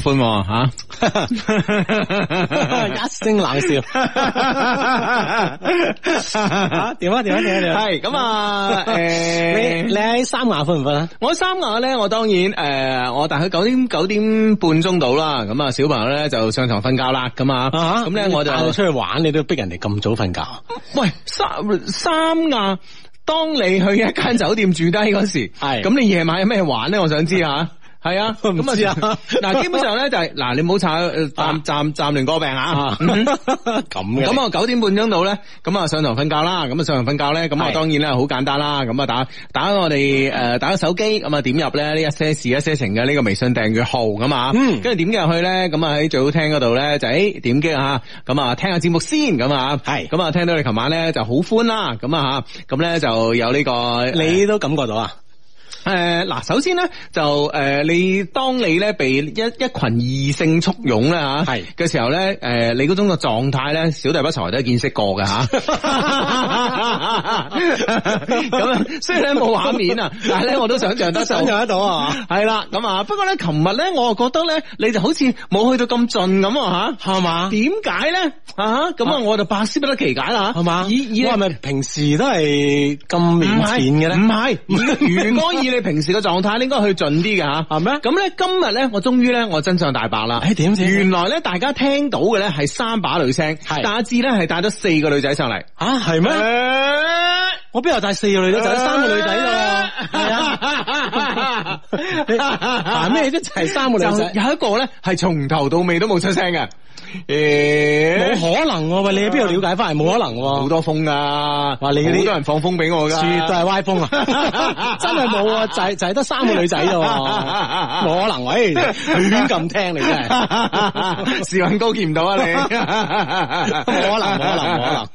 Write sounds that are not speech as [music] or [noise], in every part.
盼望吓， [laughs] 一聲冷笑，吓，電話電話電話，係咁啊，誒、啊啊啊啊嗯嗯啊，你、嗯、你喺三亞瞓唔瞓啊？我喺三亞咧，我當然誒、呃，我大概九點九點半鐘到啦。咁啊，小朋友咧就上床瞓覺啦，咁啊，咁咧我就出去玩，你都逼人哋咁早瞓覺。 [laughs] 喂，三三亞，當你去一間酒店住低嗰時，係咁，你夜晚有咩玩咧？我想知吓。 [laughs] 係啊，咁啊，嗱，基本上咧就係、是，嗱， [laughs] 你唔好炒，暫暫暫亂過病吓、啊啊嗯啊，咁咁啊，九點半鐘到咧，咁啊上堂瞓覺啦，咁啊上堂瞓覺咧，咁啊當然咧好簡單啦，咁啊打打我哋誒、呃、打個手機，咁啊點入咧呢一些事一些情嘅呢個微信訂閱號咁啊，跟住、嗯、點入去咧，咁啊喺最好聽嗰度咧就誒點擊吓，咁啊聽下節目先，咁啊係，咁啊聽到你琴晚咧就好歡啦，咁啊吓，咁咧就有呢、這個，你都感覺到啊。誒，嗱，首先咧就誒，你當你咧被一一群異性簇擁咧吓，係嘅時候咧，誒，你嗰種個狀態咧，小弟不才都係見識過㗎。吓。咁啊，雖然咧冇畫面啊，但係咧我都想象得想象得到啊。係啦，咁啊，不過咧，琴日咧，我就覺得咧，你就好似冇去到咁盡咁啊吓，係嘛？點解咧？咁啊，我就百思不得其解啦，係嘛？咦？咦？我係咪平時都係咁腼腆嘅咧？唔係，如果以你平時嘅狀態應該去盡啲嘅吓，係咩？咁咧今日咧，我終於咧，我真相大白啦！誒、哎，點知？原來咧，大家聽到嘅咧係三把女聲，大致咧係帶咗四個女仔上嚟。啊，係咩、欸？我邊度帶四個女仔？就、欸、三個女仔咯。但係咩？一齊、啊 [laughs] 你 [laughs] 就是、三個女仔？有一個咧係從頭到尾都冇出聲嘅。誒、欸，冇可能喎、啊！你喺邊度了解翻嚟？冇可能喎、啊。好多風噶、啊，話你嗰啲好多人放風俾我噶、啊，全都係歪風啊！ [laughs] 真係冇、啊。就係就得三個女仔咯，可能喂，亂咁聽你真係時運高見唔到啊你，可能可能可能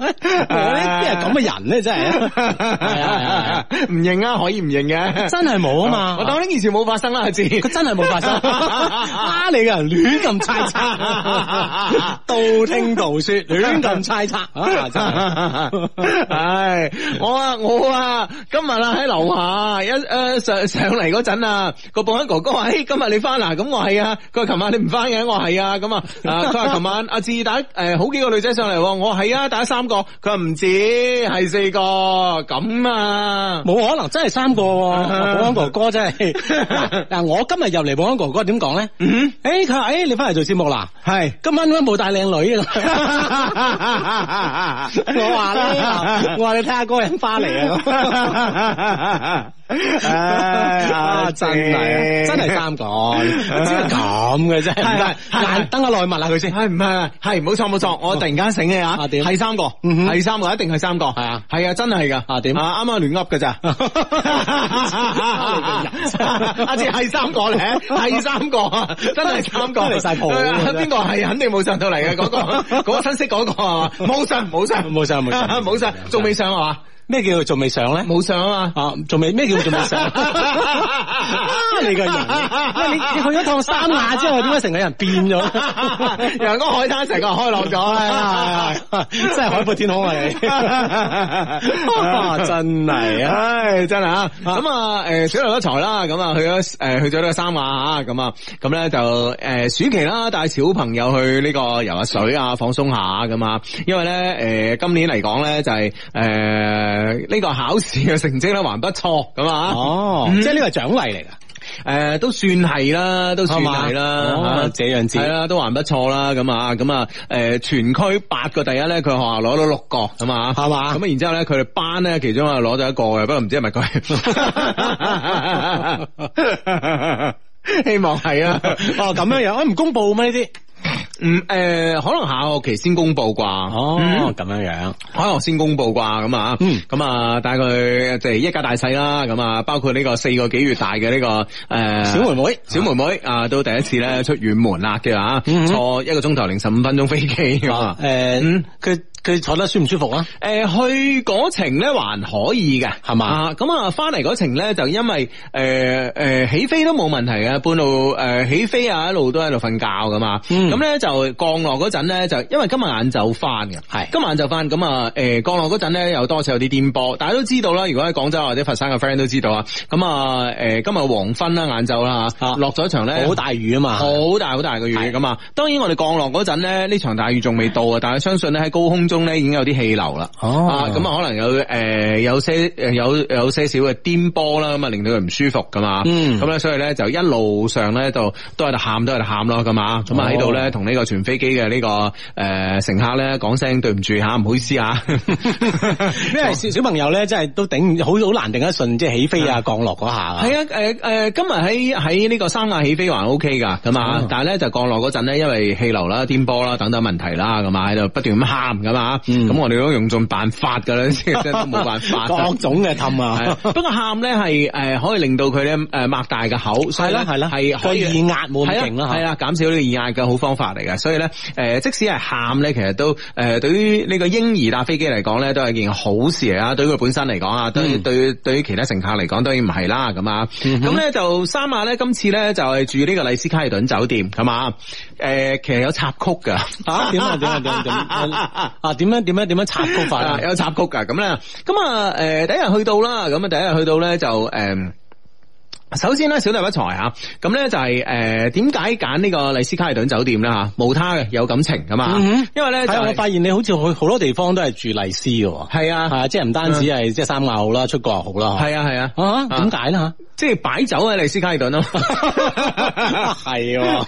我係咁嘅人咧真係，唔認啊可以唔認嘅，真係冇啊嘛，我當呢件事冇發生啦，阿智，佢真係冇發生，拉你嘅人亂咁猜測，道聽道說，亂咁猜測，唉，我啊我啊今日啊喺樓下一誒。上上嚟嗰陣啊，個保安哥哥話：，誒、欸，今日你翻啦？咁我係啊。佢話：，琴晚你唔翻嘅，我係啊。咁、嗯、啊，佢 [laughs] 話：，琴晚阿志打誒好幾個女仔上嚟，我係啊，打三個。佢話唔止，係四個咁啊，冇可能，真係三個、啊。保安哥哥哥真係。嗱， [laughs] 我今日入嚟保安哥哥點講咧？誒，佢、嗯、話：，誒、欸欸，你翻嚟做節目啦？係，今晚冇帶靚女。 [laughs] [laughs] [laughs] [laughs] 我話啦，我話你睇下個人翻嚟啊。 [laughs] 係、哎 [laughs] 哎 [laughs] 嗯、啊！真係真係三個，真係咁嘅啫，唔該。等下我內問啊。佢先，係唔係？係冇錯冇錯，我突然間醒起啊，點係三個，係三 forish、係三個，一定係三個，係啊，係啊，真係噶啊點啊，啱啱亂噏㗎咋？阿志係三個嚟，係三個，真係三個嚟晒蒲嘅，邊個係肯定冇上到嚟嘅？嗰個嗰個親戚嗰個係嘛？冇上冇上冇上冇上，仲未上啊？咩叫做仲未上咧？冇上啊嘛！啊，仲未咩叫做仲未上？即 [laughs] 係你個人。 [laughs] 你去咗趟三亞之後，點解成個人變咗？又 [laughs] 係個海灘成個開朗咗啦，真係海闊天空啊你！ [laughs] 真係唉，真係啊！咁 [laughs] 啊，誒、嗯，小劉一才啦！咁啊，去咗誒，去咗呢個三亞吓，咁啊、咁、嗯、咧就誒，暑期啦，帶小朋友去呢個游下水啊，放鬆下咁啊。因為咧，誒、呃，今年嚟講咧，就係誒。誒，呢個考試嘅成績咧還不錯，咁啊，哦，嗯、即係呢個獎勵嚟噶，誒、呃，都算係啦，都算係啦、嗯嗯嗯，這樣子係啦，都還不錯啦，咁啊，咁啊，誒，全區八個第一咧，佢學校攞到六個，咁啊，係嘛，咁啊，然之後咧，佢哋班咧，其中啊攞咗一個嘅，不過唔知係咪佢， [laughs] [laughs] [laughs] 希望係啊， [laughs] 哦，咁樣樣，唔、 [laughs] 啊、公布咩呢啲？嗯，誒、呃，可能下個期公、哦哦、先公布啩，哦，咁、嗯、樣樣，可能先公布啩，咁啊，咁啊，帶佢即係一家大細啦，咁啊，包括呢個四個幾月大嘅呢、這個誒、呃、小妹妹，小妹妹啊，啊，都第一次咧出遠門啦嘅啊， [laughs] 坐一個鐘頭零十五分鐘飛機，誒、哦，佢、呃。嗯佢坐得舒唔舒服啊？去嗰程咧還可以嘅，係嘛？咁啊，翻嚟嗰程咧就因為、呃、起飛都冇問題嘅，半路起飛啊，一路都喺度瞓覺㗎嘛。咁、嗯、咧就降落嗰陣咧，就因為今日晏晝翻嘅，係今日晏晝翻，咁啊降落嗰陣咧又多次有啲顛簸，大家都知道啦，如果喺廣州或者佛山嘅 friend 都知道啊。咁啊、呃、今日黃昏啦，晏晝啦嚇，落咗場咧好大雨啊嘛，好大好大嘅雨㗎嘛、啊。當然我哋降落嗰陣咧呢場大雨仲未到啊，但係相信咧喺高空中。中咧已經有啲氣流啦、哦，啊咁啊可能有誒、呃、有些誒有有些少嘅顛簸啦，咁啊令到佢唔舒服噶嘛，咁、嗯、咧所以咧就一路上咧就都喺度喊，都喺度喊咯，咁啊咁啊喺度咧同呢個全飛機嘅呢、呢個誒、呃、乘客咧講聲對唔住嚇，唔好意思嚇，哦、 [laughs] 因為小，小朋友咧真係都頂好好難定得順，即係起飛啊降落嗰下。係啊，誒、啊、誒今日喺喺呢個三亞起飛還 OK 噶，咁啊，但係咧就降落嗰陣咧，因為氣流啦、顛簸啦等等問題啦，咁啊喺度不斷咁喊咁啊。咁、嗯、我哋都用盡 [laughs] 辦法噶啦，即係都冇辦法，各種嘅氹啊。不過喊咧係誒，可以令到佢咧誒擘大個口，所以係啦，係可以壓滿勁啦吓，係減少呢個耳壓嘅好方法嚟嘅。所以咧誒，即使係喊咧，其實都誒、呃，對於呢個嬰兒搭飛機嚟講咧，都係件好事嚟啊。對佢本身嚟講啊，對對對於其他乘客嚟講，當然唔係啦咁啊。咁咧、嗯、就三亞咧，今次咧就係住呢個麗思卡爾頓酒店咁啊。誒、呃，其實有插曲噶吓，點 [laughs] 啊點啊點啊點啊啊點樣點樣點插曲法啊？有插曲噶咁咧，咁啊誒第一日去到啦，咁啊第一日去到咧就誒。呃首先咧，小弟不才吓，咁咧就係誒點解揀呢個麗思卡爾頓酒店啦吓，冇他嘅，有感情啊嘛、嗯。因為咧就是、我發現你好似去好多地方都係住麗思喎。係啊，係啊，即係唔單止係即係三亞好啦，出國又好啦。係啊，係啊，點解咧吓，即係擺酒喺麗思卡爾頓啊，係喎，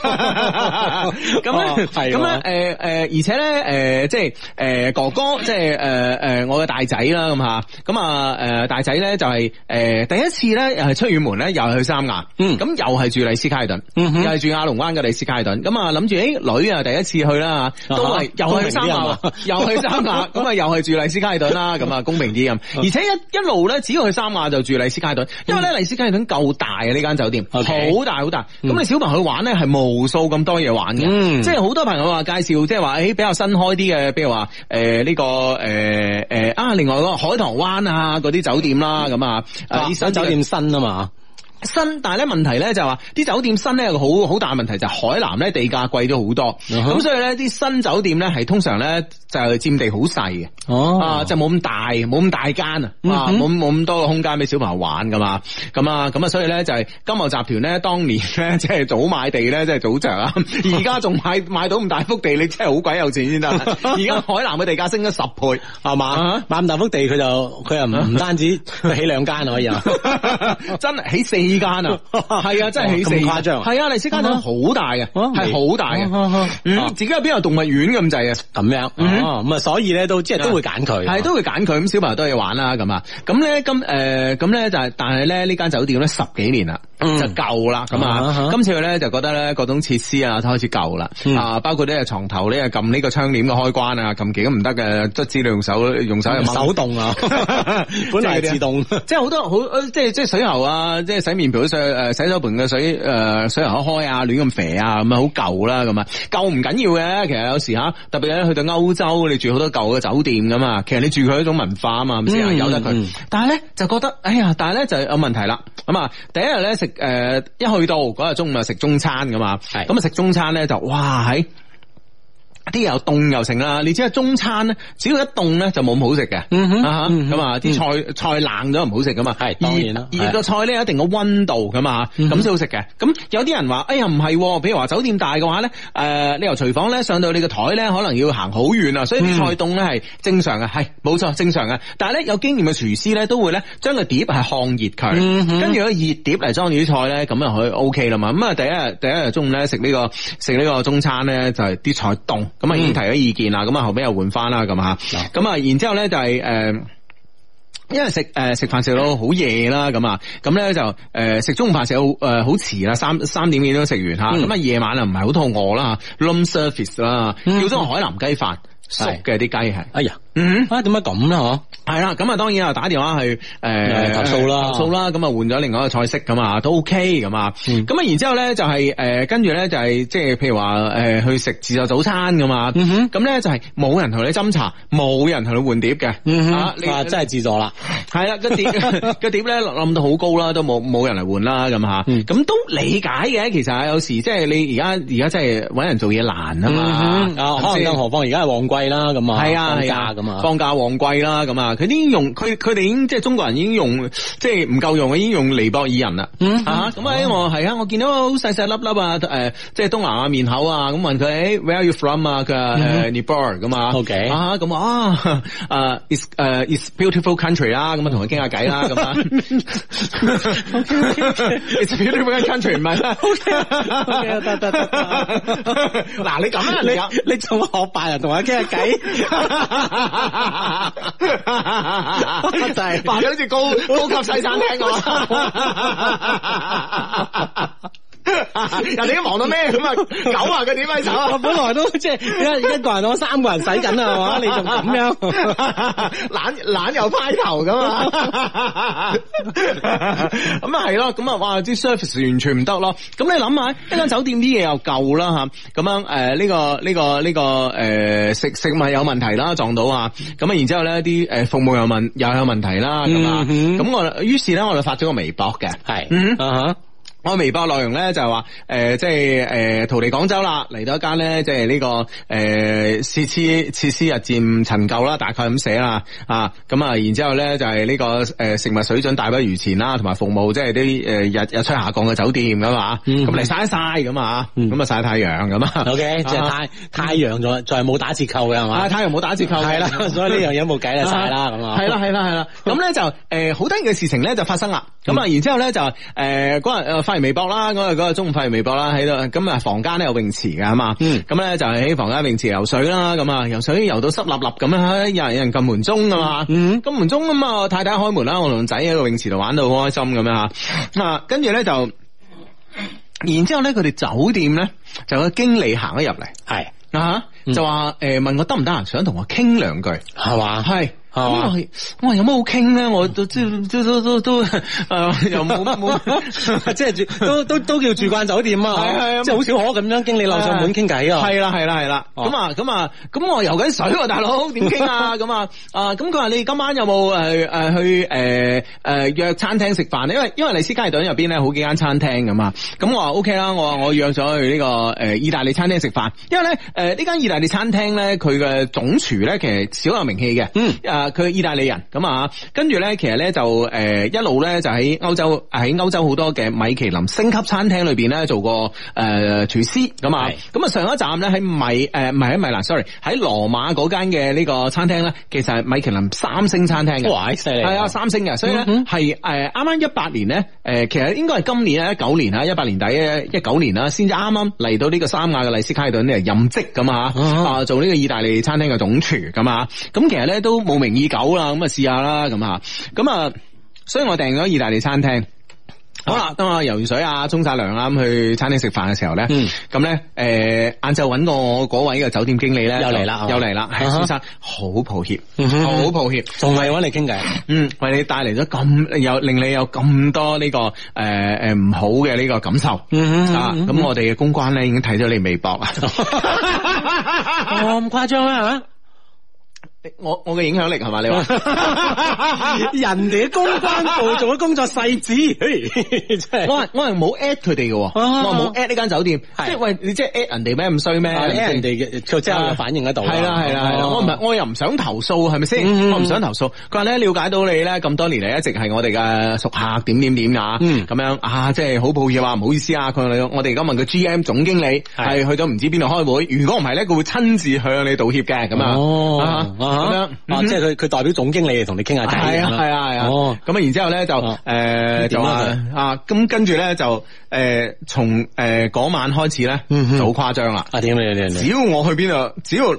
係咁咧，係咁咧，誒、哦、誒、呃、而且咧，誒即係誒哥哥，即係誒誒我嘅大仔啦，咁吓，咁啊誒大仔咧就係、是、誒、呃、第一次咧，又係出遠門咧，又去三亞，咁、嗯、又係住麗思卡爾頓、嗯，又係住亞龍灣嘅麗思卡爾頓。咁啊諗住，誒、哎、女啊第一次去啦都係又去三亞，又去三亞，咁啊又係 [laughs] 住麗思卡爾頓啦。咁、嗯、啊公平啲咁，而且一一路咧只要去三亞就住麗思卡爾頓、嗯，因為咧麗思卡爾頓夠大啊呢間酒店，好、okay、大好大。咁、嗯、你小朋友去玩咧係無數咁多嘢玩嘅、嗯，即係好多朋友話介紹，即係話誒比較新開啲嘅，譬如話誒呢個誒誒、呃呃、啊另外嗰個海棠灣啊嗰啲酒店啦，咁啊新、嗯啊那個、酒店新啊嘛。新，但係咧問題咧就係話，啲酒店新咧個好好大嘅問題就係、是、海南咧地價貴咗好多，咁、uh -huh. 所以咧啲新酒店咧係通常咧就係佔地好細嘅，哦、uh -huh. 啊，即係冇咁大，冇咁大間、uh -huh. 啊，冇冇咁多個空間俾小朋友玩噶嘛，咁啊，咁啊，所以咧就係、是、金茂集團咧當年咧即係早買地咧即係早着啊。而家仲買 [laughs] 買到咁大幅地，你真係好鬼有錢先得，而 [laughs] 家海南嘅地價升咗十倍，係嘛，uh -huh. 買咁大幅地佢就佢又唔單止佢起兩間可以啊， [laughs] 真係起四。呢間啊，係 [laughs] 啊，真係起死誇張，係、哦、啊，麗斯嘉酒店好大嘅，係、uh、好 -huh. 大嘅、uh -huh. 啊，自己有邊有動物園咁滯啊，咁樣，咁、uh -huh. 啊，所以咧都即係、就是、都會揀佢，係、uh -huh. 都會揀佢，咁、uh -huh. 嗯、小朋友都可以玩啦，咁啊，咁咧今誒咁咧就係，但係咧呢間酒店咧十幾年啦，uh -huh. 就舊啦，咁啊，uh -huh. 今次咧就覺得咧各種設施啊開始舊啦，啊、uh -huh.，包括呢個床頭咧撳呢個窗簾嘅開關啊，撳幾個唔得嘅，都只能用手，用手又手動啊， [laughs] 本嚟自動， [laughs] 即係好多好，即係即係水喉啊，即係面盆洗手盆嘅水、誒、呃、水喉開啊，亂咁肥啊，咁啊好舊啦，咁啊舊唔緊要嘅，其實有時嚇，特別係去到歐洲，你住好多舊嘅酒店噶嘛，其實你住佢一種文化啊嘛，係咪先？由得佢，嗯嗯，但係咧就覺得，哎呀，但係咧就有問題啦。咁啊，第一日咧食誒一去到嗰日中午啊食中餐噶嘛，咁啊食中餐咧就哇喺～啲油凍又成啦，你知啊，中餐咧，只要一凍咧就冇咁好食嘅。咁、嗯、啊，啲、嗯嗯、菜、嗯、菜冷咗唔好食噶嘛。係，當然啦，熱個菜咧有一定個溫度噶嘛。咁、嗯、先好食嘅。咁有啲人話，哎呀，唔係，譬如話酒店大嘅話咧，誒、呃，你由廚房咧上到你個台咧，可能要行好遠啊，所以啲菜凍咧係正常嘅，係、嗯、冇錯，正常嘅。但係咧，有經驗嘅廚師咧都會咧將個碟係烘熱佢，跟住個熱碟嚟裝住啲菜咧，咁就可以 O K 啦嘛。咁、嗯、啊，第一日第一日中午咧食呢、呢個食呢個中餐咧就係、係、啲菜凍。咁、嗯、啊已經提咗意見啦，咁啊，後尾又換翻啦，咁、嗯、吓，咁啊然之後咧就係、是、誒、呃，因為食誒食飯食到好夜啦，咁啊，咁咧就誒食中午飯食好誒好遲啦，三三點幾鐘食完吓，咁啊夜晚啊唔係好肚餓啦吓，room service 啦，叫咗海南雞飯，熟嘅啲雞係，哎呀。嗯、mm -hmm. 啊，點解咁咧？嗬，係啦，咁啊，當然啊，打電話去誒投訴啦，投訴啦，咁啊，換咗另外一個菜式咁啊，都 OK 咁啊，咁、mm、啊 -hmm. 就是，然之後咧就係誒，跟住咧就係即係，譬如話誒、呃、去食自助早餐咁啊，咁、mm、咧 -hmm. 就係冇人同你斟茶，冇人同你換碟嘅、mm -hmm. 啊，你話，真係自助啦，係 [laughs] 啦，個碟個碟咧諗到好高啦，都冇冇人嚟換啦，咁吓，咁都理解嘅，其實有時即係你而家而家真係搵人做嘢難啊嘛，mm -hmm. 可能何啊，何況而家係旺季啦，咁啊，係啊，係啊，咁。放假旺季啦，咁啊，佢啲用佢佢哋已經即係中國人已經用即係唔夠用，已經用尼泊爾人啦。嗯咁啊，我係啊，我見到細細粒粒啊，誒、呃，即係東南亞面口啊，咁問佢、欸嗯、，Where are you from 啊？佢、呃、誒，尼泊爾噶嘛？O K 啊，咁、okay. 啊，啊，is, is beautiful country 啦，咁啊，同佢傾下偈啦，咁啊。It's,、uh, it's beautiful country 唔係啦。OK，得得。嗱，你咁啊，你你做我霸人同佢傾下偈。 [laughs] 真係，好似高高級西餐廳咁。 [laughs] 人哋都忙到咩咁啊？狗啊，佢點解走？ [laughs] [laughs] 我本來都即係一個人攞三個人使緊啊，係 [laughs] 嘛？你仲咁樣懶懶又派頭咁啊？咁啊係咯，咁啊哇！啲 service 完全唔得咯。咁你諗下，一間酒店啲嘢又夠啦吓，咁樣誒，呢個呢個呢個誒食食物有問題啦，撞到啊！咁啊，然之後咧啲誒服務又問又有問題啦，咁啊，咁我於是咧我就發咗個微博嘅，係， [laughs] 嗯我微博內容咧就係、是、話，誒、呃，即係誒，逃離廣州啦，嚟到一間咧，即係呢個誒設施設施日漸陳舊啦，大概咁寫啦，啊，咁啊、這個，然之後咧就係呢個誒食物水準大不如前啦，同埋服務即係啲誒日日出下降嘅酒店咁啊。咁嚟曬一曬咁啊，咁、okay, 啊曬太陽咁啊，O K，即係曬太陽咗，就係冇打折扣嘅係嘛，太陽冇打折扣係啦， [laughs] 所以呢樣嘢冇計啦曬啦咁啊，係啦係啦係啦，咁咧就誒好得意嘅事情咧就發生啦，咁、嗯、啊，然之後咧就誒嗰日誒微博啦，嗰日嗰個中午發微博啦，喺度咁啊，房間咧有泳池㗎係嘛，咁咧就係喺房間泳池游水啦，咁啊游水游到濕立立咁樣，有人有人撳門鐘啊嘛，撳、嗯、門鐘咁嘛，太太開門啦，我同仔喺個泳池度玩到好開心咁樣吓，嗱跟住咧就，然之後咧佢哋酒店咧就個經理行咗入嚟，係啊就話誒問我得唔得啊，想同我傾兩句係嘛，係。我、啊、我、啊啊啊、有乜好傾咧？我都即都都都，又冇乜冇，即係住都都都叫住慣酒店啊，即、啊、係、啊啊就是、好少可咁樣經理樓上門傾偈啊！係啦係啦係啦，咁啊咁啊咁、啊啊啊啊啊、我游緊水喎、啊，大佬點傾啊？咁啊 [laughs] 啊咁佢話你今晚有冇誒誒去誒誒、啊啊、約餐廳食飯因為因為麗思卡爾頓入邊咧好幾間餐廳咁啊，咁我話 O K 啦，我我約咗去呢個誒意大利餐廳食飯，因為咧誒呢間、啊、意大利餐廳咧佢嘅總廚咧其實小有名氣嘅，嗯佢係意大利人咁啊，跟住咧，其實咧就誒，一路咧就喺歐洲喺歐洲好多嘅米其林星級餐廳裏邊咧做過誒、呃、廚師咁啊。咁啊上一站咧喺米誒唔係喺米蘭，sorry 喺羅馬嗰間嘅呢個餐廳咧，其實係米其林三星餐廳嘅，係啊三星嘅。所以咧係誒啱啱一八年咧誒、嗯，其實應該係今年啊一九年啊一八年底啊一九年啦，先至啱啱嚟到呢個三亞嘅麗思卡爾頓呢任職咁啊，啊做呢個意大利餐廳嘅總廚咁啊。咁其實咧都冇明。二九啦，咁啊試下啦，咁吓，咁啊，所以我訂咗意大利餐廳。啊、好啦，當我游完水啊，沖晒涼啱去餐廳食飯嘅時候咧，咁、嗯、咧，誒、嗯，晏晝揾到我嗰位嘅酒店經理咧，又嚟啦，又嚟啦，啊、係先生，好抱歉，好抱歉，仲係揾你傾偈，嗯，為你帶嚟咗咁有令你有咁多呢、呢個誒誒唔好嘅呢個感受，嗯哼嗯哼嗯哼啊，咁我哋嘅公關咧已經睇咗你微博，咁誇張啦係咪？我我嘅影響力係嘛？你話 [laughs] 人哋嘅公關部做嘅工作細致、啊，我係我係冇 at 佢哋嘅，我冇 at 呢間酒店，即係喂，你即係 at、啊、人哋咩咁衰咩人哋嘅就即刻有反應喺度，係啦係啦係啦，我唔係我又唔想投訴，係咪先？我唔想投訴。佢話咧了解到你咧咁多年嚟一直係我哋嘅熟客，點點點啊，咁、嗯、樣啊，即係好抱歉啊，唔好意思啊。佢我哋而家問佢 GM 總經理係去到唔知邊度開會，如果唔係咧，佢會親自向你道歉嘅，咁啊。咁、啊、樣啊，即係佢佢代表總經理嚟同你傾下偈。係啊係啊係啊。哦、嗯，咁、嗯嗯、啊，然之後咧就誒就話啊，咁跟住咧就誒從誒嗰晚開始咧就好誇張啦。啊，點啊，只要我去邊度，只要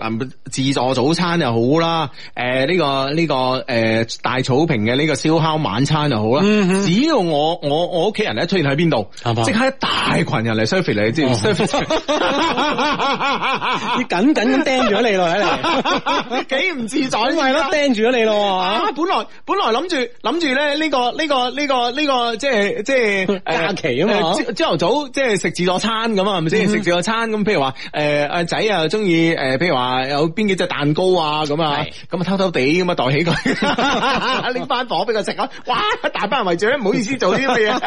自助早餐又好啦，誒、呃、呢、這個呢、這個誒、呃、大草坪嘅呢個燒烤晚餐又好啦、嗯，只要我我我屋企人咧出現喺邊度，即、啊、刻一大群人嚟 serve 你，即係 serve 你知，緊緊咁釘住你落嚟，幾唔～自在咪啦，盯住咗你咯、啊。本來本來諗住諗住咧，呢、這個呢、這個呢、這個呢、這個即係即係、呃、假期啊嘛。朝朝頭早即係食自助餐咁啊，係咪先？食自助餐咁，譬如話誒阿仔啊，中意誒，譬如話有邊幾隻蛋糕啊咁啊，咁啊偷偷地咁啊袋起佢，拎翻房俾佢食咯。哇，大班人圍住唔好意思做啲乜嘢。 [laughs]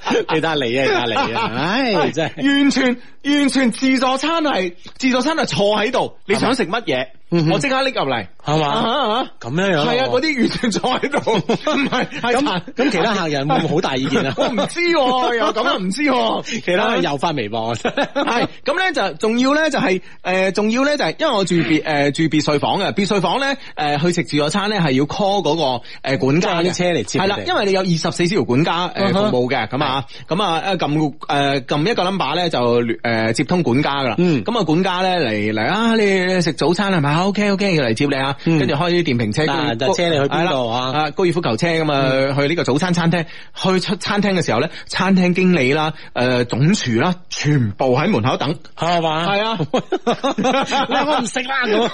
[laughs] 記得你啊，你啊，唉真係。完全完全自助餐係自助餐係坐喺度，你想食乜嘢？是我即刻拎入嚟，係嘛？咁樣樣係啊！嗰、啊、啲、啊啊啊啊啊、完全坐喺度，唔 [laughs] 係。咁啊，咁其他客人會唔會好大意見 [laughs] 啊？我唔知，又咁又唔知。其他人、啊、又發微博。係咁咧，就重要咧，就係誒，重要咧就係、是，呃要就是、因為我住別誒、嗯呃、住別墅房嘅，別墅房咧誒、呃、去食自助餐咧係要 call 嗰個誒管家啲車嚟接。係啦，因為你有二十四條管家誒、呃 uh -huh. 服務嘅，咁啊咁啊撳誒撳一個 number 咧就誒接通管家噶啦。嗯。咁、嗯、啊管家咧嚟嚟啊你食早餐係咪？O K O K，要嚟接你啊，跟、嗯、住開啲電瓶車，就車你去邊度啊？啊高爾夫球車咁啊，去呢個早餐餐廳。去出餐廳嘅時候咧，餐廳經理啦，誒、呃、總廚啦，全部喺門口等，係嘛？係啊， [laughs] [laughs] 你我唔食啦，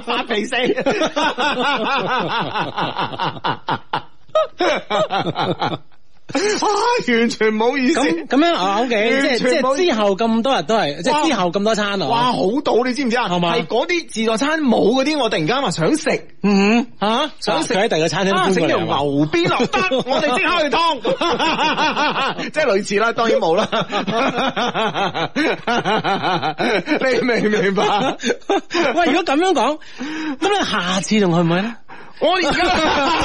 發脾氣。啊！完全冇意思。咁咁樣啊，OK，即係即係之後咁多日都係，即係之後咁多餐啊。哇，好到你知唔知啊？係嘛，係嗰啲自助餐冇嗰啲，我突然間話想食，嗯、啊、想食喺第二個餐廳食條牛鞭落得， [laughs] 我哋 [laughs] [laughs] 即刻去劏，即係類似啦，當然冇啦。 [laughs] 你明唔明白？ [laughs] 喂，如果咁樣講，咁你下次仲去唔去咧？我而家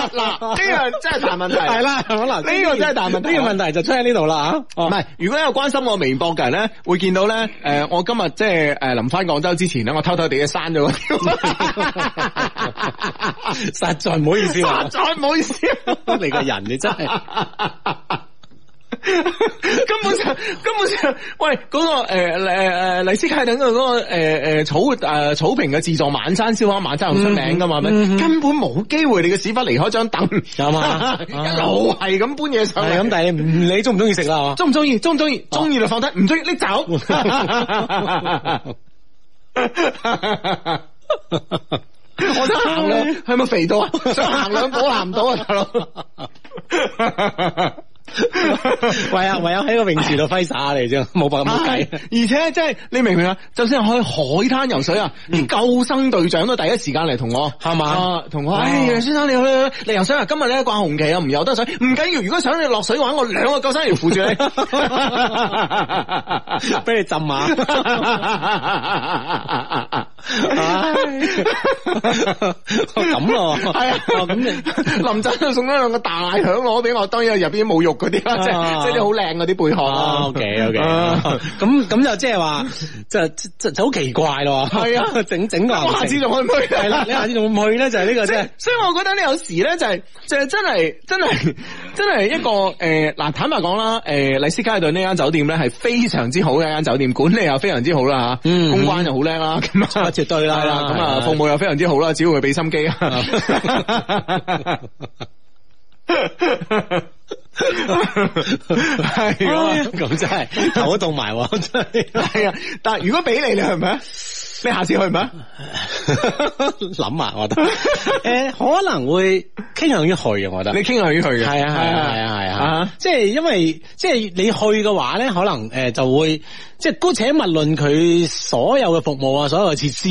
嗱，呢個真係大問題。係啦，好難。呢個真係大問題，呢、呢個問題就出喺呢度啦嚇。唔、啊、係，如果有關心我微博嘅人呢，會見到呢：呃「誒，我今日即係誒，臨翻廣州之前咧，我偷偷哋刪咗。 [laughs] [laughs] 實在唔好意思，話再唔好意思，你 [laughs] 個人你真係。 [laughs] [laughs] 根本上，根本上，喂，嗰、那個誒誒誒麗斯卡等嗰、那個誒誒、呃、草誒、呃、草坪嘅自助晚餐、燒烤晚餐又出名噶嘛？咪、嗯嗯、根本冇機會你嘅屎忽離開張凳，係、嗯、嘛？一路係咁搬嘢上嚟，咁、嗯、但係你唔理中唔中意食啦，中唔中意，中唔中意，中意、啊、就放低，唔中意拎走。 [laughs] [laughs] 我想走咧，係咪肥到啊？ [laughs] 想行兩步行唔到啊，大佬。唯 [laughs] 啊唯有喺個泳池度揮灑嚟啫，冇辦法冇計。而且即係你明唔明啊？就算我去海灘游水啊，啲、嗯、救生隊長都第一時間嚟同我，係嘛？同、啊、我，啊、哎呀，先生你去你游水啊！今日一掛紅旗啊，唔游得水唔緊要。如果想你落水玩，我兩個救生員扶住你，俾 [laughs] [laughs] 你浸下。咁 [laughs] [laughs] [laughs] [laughs] [laughs] 啊，係啊，咁、啊、 [laughs] 林鄭送咗兩個大響鑼俾我，當然入邊冇肉。嗰啲啦，即係即係好靚嗰啲貝殼。O K O K，咁咁就即係話，就是、就是啊 okay, okay, 啊、就好、是、奇怪咯。係啊，整整個下次仲去唔去？係、啊、啦、啊啊，你下次仲唔去咧？就係、是、呢、這個啫。所以我覺得你有時咧就係、是、就係、是、真係真係真係一個誒，嗱、呃、坦白講啦，誒麗思卡爾頓呢間酒店咧係非常之好嘅一間酒店，管理又非常之好啦吓、嗯，公關又、嗯啊嗯、好靚啦，咁一疊堆啦，咁啊,啊,啊,啊,啊,啊,啊服務又非常之好啦，只要佢俾心機。係 [laughs] 啊，咁，哎，真係頭都凍埋，真係係啊。但係如果俾你，你係咪啊？你下次去咪諗啊？ [laughs] 想想我覺得誒， [laughs] 可能會傾向於去嘅。我覺得你傾向於去嘅，係啊，係啊，係啊，係啊。即係、啊啊就是、因為即係、就是、你去嘅話咧，可能誒就會即係、就是、姑且勿論佢所有嘅服務啊，所有嘅設施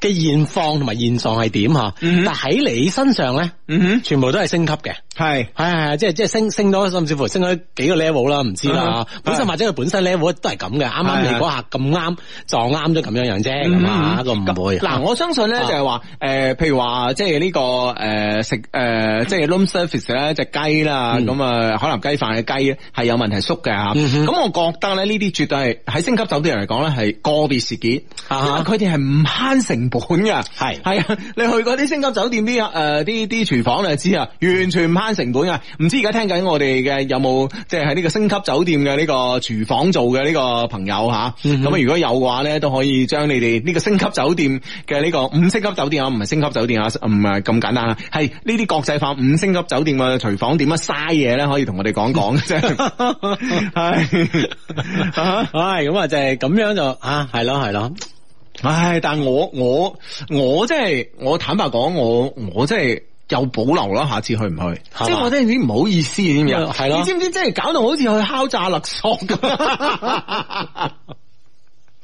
嘅現況同埋現狀係點吓。但喺你身上咧、嗯，全部都係升級嘅，係係係，即係即係升升多，甚至乎升咗幾個 level 啦，唔知啦、嗯。本身或者佢本身 level 都係咁嘅，啱啱嚟嗰下咁啱撞啱咗咁樣樣啫。嗱、嗯，我相信咧就係話，誒、啊呃，譬如話、呃呃、即係呢個誒食誒即係 room service 咧隻雞啦，咁、呃、啊、嗯、海南雞飯嘅雞係有問題縮嘅吓，咁、嗯、我覺得咧呢啲絕對係喺星級酒店嚟講咧係個別事件，因為佢哋係唔慳成本嘅，係係啊，你去嗰啲星級酒店啲誒啲啲廚房你就知啊，完全唔慳成本噶，唔知而家聽緊我哋嘅有冇即係喺呢個星級酒店嘅呢個廚房做嘅呢個朋友吓，咁、啊嗯、如果有嘅話咧都可以將你哋。呢、這個星級酒店嘅呢、這個五星級酒店啊，唔係星級酒店啊，唔係咁簡單啊，係呢啲國際化五星級酒店嘅廚房點樣嘥嘢咧，可以同我哋講講嘅啫，係、 [laughs] [laughs] [laughs] [laughs] [laughs] [laughs] [laughs] 哎、啊，咁啊，就係咁樣就啊，係咯係咯，唉，但我我我即係我坦白講，我我即係有保留啦，下次去唔去，是即係我真係有啲唔好意思，啲人係咯，你知唔知即係搞到好似去敲詐勒索咁？ [laughs]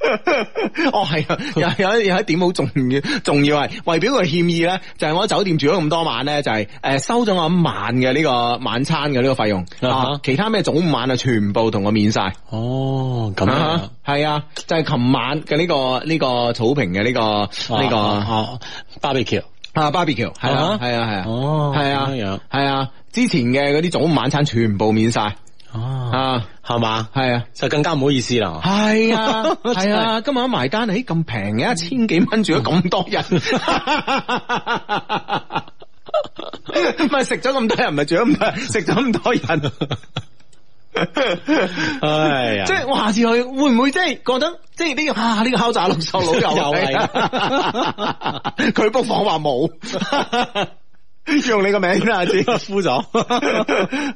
[laughs] 哦，係啊，有有有，一點好重要重要係，為表個歉意咧，就係我喺酒店住咗咁多晚咧，就係、是、誒收咗我一晚嘅呢個晚餐嘅呢個費用啊，其他咩早午晚啊，全部同我免晒。哦，咁樣？係啊，啊就係、是、琴晚嘅呢、這個呢、這個草坪嘅呢、這個呢個哦 barbecue 啊 barbecue 係啊係啊係啊，哦、這個，係啊係啊,啊, barbecue, 啊,啊，之前嘅嗰啲早午晚餐全部免晒。啊，係嘛，係啊，就更加唔好意思啦。係啊，係 [laughs] 啊，今日埋單咦咁平嘅，一、啊、千幾蚊住咗咁多人，唔係食咗咁多人，唔係住咗咁多食咗咁多人。哎呀、 [laughs] [laughs] 啊，即係我下次去會唔會即係覺得即係、這、呢個呢、啊這個烤炸老壽佬 [laughs] 又嚟是的？佢 [laughs] [laughs] 不妨 o 話冇。 [laughs] 用你個名啊，自己敷咗。唉 [laughs]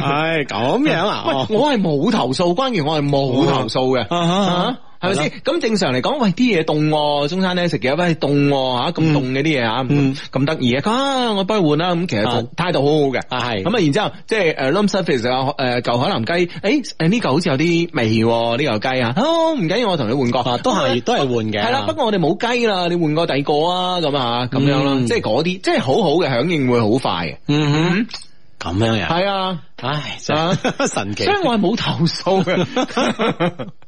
唉，咁樣啊？喂，我係冇投訴，關鍵我係冇投訴嘅。啊係咪先？咁正常嚟講，喂，啲嘢凍，中餐呢食嘢，喂、嗯，凍吓，咁凍嘅啲嘢吓，咁得意啊！我幫你換啦。咁其實態度好好嘅，係咁啊。然之後即係誒 Lump Service 啊，誒，舊海南雞，誒，呢嚿好似有啲味，呢嚿雞啊，唔緊要，我同你換過，都係都係換嘅。係啦，不過我哋冇雞啦，你換個第二個啊，咁啊，咁樣啦，即係嗰啲，即係、嗯嗯、好好嘅響應會好快嘅。嗯哼，咁樣啊？係啊，唉，真神奇。所以我係冇投訴嘅。 [laughs] [laughs]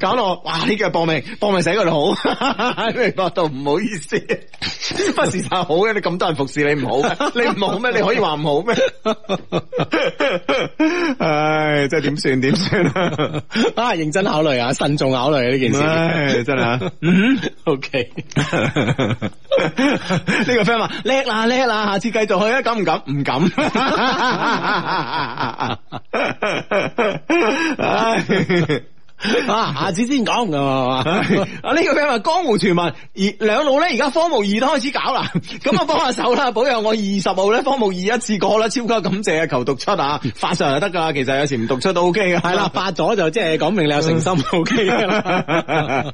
搞到我哇呢個搏命搏命寫佢哋好，哎、搏到唔好意思，不是就好嘅，你咁多人服侍你唔好，你唔好咩？你可以話唔好咩？唉、哎，即係點算點算啊？認真考慮啊，慎重考慮啊呢件事。唉、哎，真係啊。嗯，OK [laughs] 。呢個 friend 話叻啦叻啦，下次繼續去啊，敢唔敢？唔敢。 [laughs] 哎啊！下次先講噶嘛，啊，呢個咩話江湖傳聞而兩老咧，而家科目二都開始搞啦，咁啊幫下手啦，保佑我二十號咧，科目二一次過啦，超級感謝求讀出啊，發上就得噶啦，其實有時唔讀出都 OK 噶，係啦、啊，發咗就即係講明你有誠心、嗯、OK 噶啦。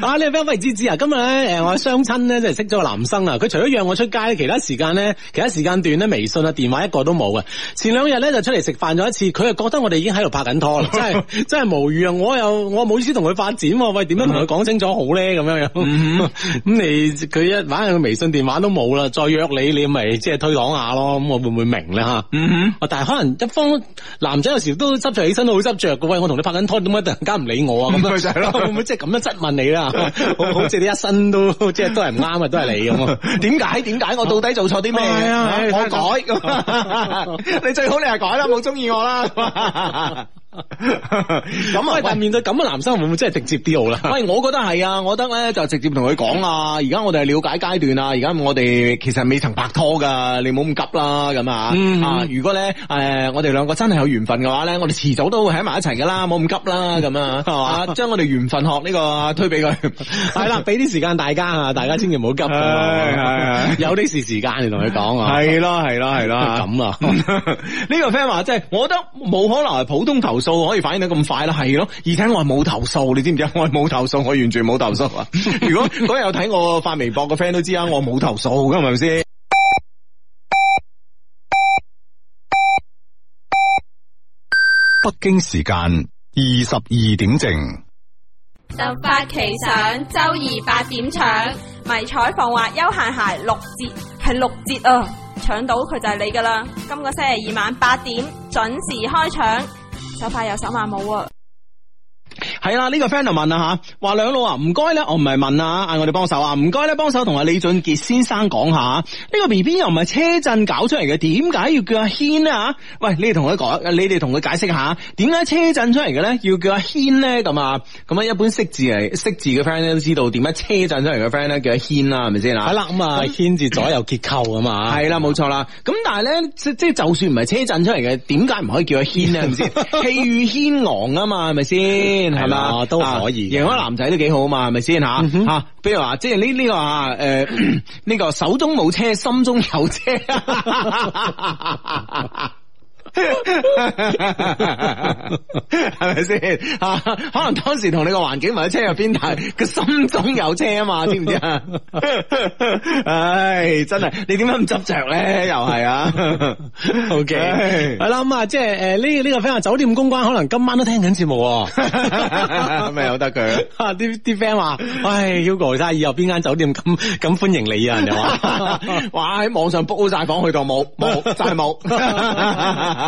啊，呢個咩喂子子啊，今日咧誒我去相親咧，即係識咗個男生啊，佢除咗讓我出街，其他時間咧，其他時間段咧，微信啊電話一個都冇啊。前兩日咧就出嚟食飯咗一次，佢就覺得我哋已經喺度拍緊拖，真係真係無語啊！我～我冇意思同佢發展，喂，點樣同佢講清楚好咧？咁樣樣，咁你佢一玩佢微信電話都冇啦，再約你，你咪即係推搪下咯。咁我會唔會明咧？吓、嗯，但係可能一方男仔有時都執着起身，都好執着嘅。喂，我同你拍緊拖，點解突然間唔理我啊？咁會唔會即係咁樣質問你啦？ [laughs] 好似你一身都即係都係唔啱，都係你咁。點解？點解？我到底做錯啲咩？我改， [laughs] [laughs] 你最好你係改啦，冇中意我啦。 [laughs] 咁 [laughs] 啊！但面對咁嘅男生，會唔會真係直接啲好啦？喂，我覺得係啊，我覺得咧就直接同佢講啊。而家我哋係了解階段啊，而家我哋其實未曾拍拖噶，你冇咁急啦，咁啊、嗯、啊。如果咧誒、啊，我哋兩個真係有緣分嘅話咧，我哋遲早都會喺埋一齊噶啦，冇咁急啦，咁啊，將 [laughs] 我哋緣分學呢個推俾佢。係 [laughs] 啦，俾啲時間大家啊，大家千祈唔好急。 [laughs] [laughs] 有啲是時間嚟同佢講啊。係啦係啦係啦，咁啊。呢 [laughs] 個 friend 話即係，我覺得冇可能係普通頭。數可以反應得咁快咯，係咯。而且我係冇投訴，你知唔知啊？我係冇投訴，我完全冇投訴啊。 [laughs] 如果嗰日有睇我發微博嘅 friend 都知啊，我冇投訴噶，係咪先？北京時間二十二點正，就發奇想，周二八點搶迷彩防滑休閒鞋六折係六折啊！搶到佢就係你噶啦。今個星期二晚八點準時開搶。手快有，手慢冇喎。係啦，呢、這個 friend 就問啦吓，話兩老啊，唔該咧，我唔係問啊，嗌我哋幫手啊，唔該咧，幫手同阿李俊杰先生講下，呢、這個 B B 又唔係車震搞出嚟嘅，點解要叫阿軒啊？喂，你哋同佢講，你哋同佢解釋下，點解車震出嚟嘅咧，要叫阿軒咧？咁啊，咁啊，一般識字嚟識字嘅 friend 都知道，點解車震出嚟嘅 friend 咧叫阿軒啦，係咪先？係啦，咁、嗯、啊，軒字左右結構啊嘛， [laughs] 係啦，冇錯啦。咁但係咧，即即係就算唔係車震出嚟嘅，點解唔可以叫阿軒呢？係咪先？氣宇軒昂啊嘛，係咪先？ [laughs] 哦、嗯，都可以，贏、啊、個男仔都幾好、嗯、啊嘛，係咪先吓吓？比如話，即係呢呢個吓，誒、呢個，呢、呃呢個手中冇車，心中有車。 [laughs] [laughs] 係咪先？吓、啊，可能當時同你個環境唔喺車入邊，但係佢心中有車啊嘛，知唔知啊、 [laughs] 哎、麼麼啊？唉、 [laughs] okay. 哎，真係，你點解咁執着咧？又係啊？OK，係啦咁啊，即係誒，呢、呃這個呢、這個 friend 酒店公關可能今晚都聽緊節目啊？咪由得佢？啲啲 friend 話，唉、哎、，Hugo，睇下以後邊間酒店咁咁 [laughs] 歡迎你啊？人哋話， [laughs] 哇，喺網上 book 晒房去到冇冇，真係冇。沒有就是沒有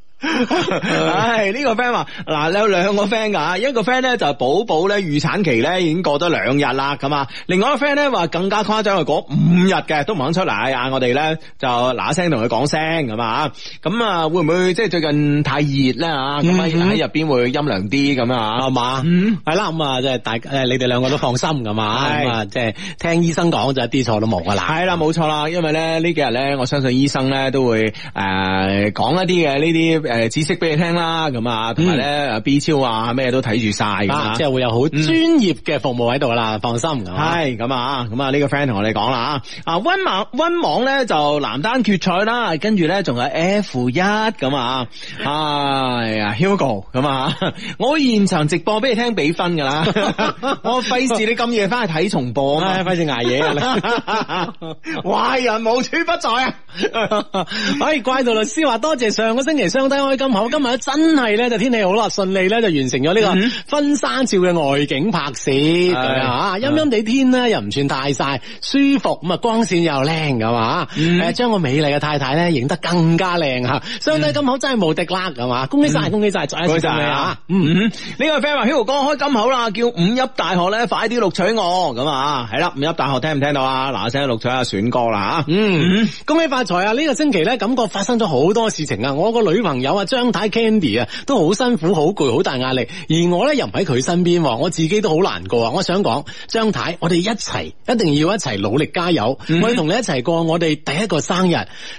唉， [laughs] 呢、這個 friend 話嗱，你有兩個 friend 噶、啊，一個 friend 咧就係寶寶咧預產期咧已經過咗兩日啦，咁啊，另外一個 friend 咧話更加誇張，係過五日嘅，都唔肯出嚟，嗌我哋咧就嗱聲同佢講聲咁啊，咁啊會唔會即係最近太熱啦？咁啊喺入邊會陰涼啲咁啊，係、嗯、嘛？係啦，咁啊即係大誒，你哋兩個都放心噶嘛？咁啊即係聽醫生講就一啲錯都冇噶啦。係啦，冇 [laughs] 錯啦，因為咧呢這幾日咧，我相信醫生咧都會誒、呃、講一啲嘅呢啲。這些誒，知識俾你聽啦，咁、嗯、啊，同埋咧，B 超啊，咩都睇住晒嘅，即係會有好專業嘅服務喺度噶啦，放心。係、嗯、咁、嗯嗯嗯、 [laughs] 啊，咁啊，呢個 friend 同我哋講啦，啊，溫網溫網咧就男單決賽啦，跟住咧仲有 F 一咁啊，係啊，Hugo 咁啊，我現場直播俾你聽比分噶啦， [laughs] 我費事你咁夜翻去睇重播咩？費事挨夜啊！壞 [laughs] 你 [laughs] 人無處不在啊！ [laughs] 哎，怪盜律師話多謝，謝上個星期雙低。開金口，今日真係咧就天氣好啦，順利咧就完成咗呢個婚紗照嘅外景拍攝，啊陰陰地天呢，又唔算太曬，舒服咁啊光綫又靚噶嘛，誒、嗯、將個美麗嘅太太咧影得更加靚吓，相機金口真係無敵啦，係嘛，恭喜晒，恭喜晒，再一次恭喜你！呢個 friend 話 Hugo 哥開金口啦，叫五邑大學咧快啲錄取我，咁啊係啦，五邑大學聽唔聽到啊？嗱，聲錄取阿選哥啦吓，嗯，恭喜發財啊！呢、這個星期咧感覺發生咗好多事情啊，我個女朋友。我話張太，太 Candy 啊，都好辛苦、好攰、好大壓力，而我咧又唔喺佢身邊，我自己都好難過啊！我想講張太，我哋一齊一定要一齊努力加油，嗯、我要同你一齊過我哋第一個生日。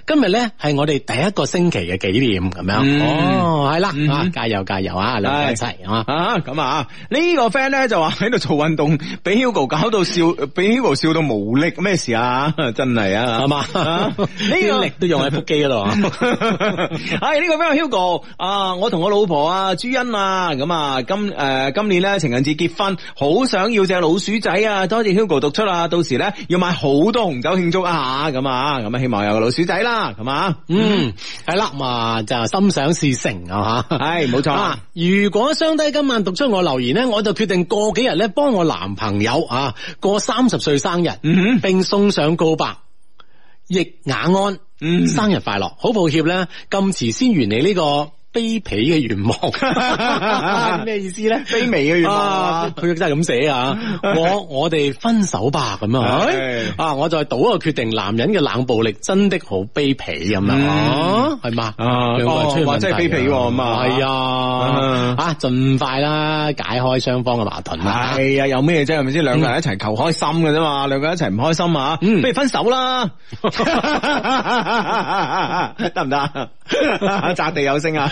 今日咧係我哋第一個星期嘅紀念，咁樣、嗯、哦，係啦、嗯啊，加油加油啊，兩個一齊啊，咁啊，呢、啊這個 friend 咧就話喺度做運動，俾 Hugo 搞到笑，俾 [laughs] Hugo 笑到無力，咩事啊？真係啊，係嘛、啊？呢、啊啊這個力都用喺腹肌嗰度，係 [laughs] 呢、啊這個咩？Hugo 啊，我同我老婆啊朱茵啊，咁啊今誒、呃、今年咧情人節結婚，好想要隻老鼠仔啊！多謝 Hugo 讀出啦，到時咧要買好多紅酒慶祝一下。咁啊咁啊，希望有個老鼠仔啦，係嘛？嗯，係、嗯、啦，啊就是、心想事成是 [laughs] 錯啊吓，係冇錯。如果雙低今晚讀出我留言，我就決定過幾日咧幫我男朋友啊過三十歲生日嗯嗯，並送上告白，易雅安。嗯，生日快樂，好抱歉咧，咁遲先完你呢個。卑鄙嘅願望，咩 [laughs] 意思咧？卑微嘅願望，佢真係咁寫啊！ [laughs] 我我哋分手吧咁 [laughs] 啊！啊！我再賭一個決定，男人嘅冷暴力真的好卑鄙咁樣，係、嗯、嘛？啊！兩個人出哦，話真係卑鄙咁啊！係啊！啊！盡、啊啊、快啦，解開雙方嘅矛盾啦！係、哎、啊！有咩啫？係咪先？兩個人一齊求開心嘅啫嘛，兩、嗯、個人一齊唔開心啊！嗯、不如分手啦，得唔得？擲地有聲啊！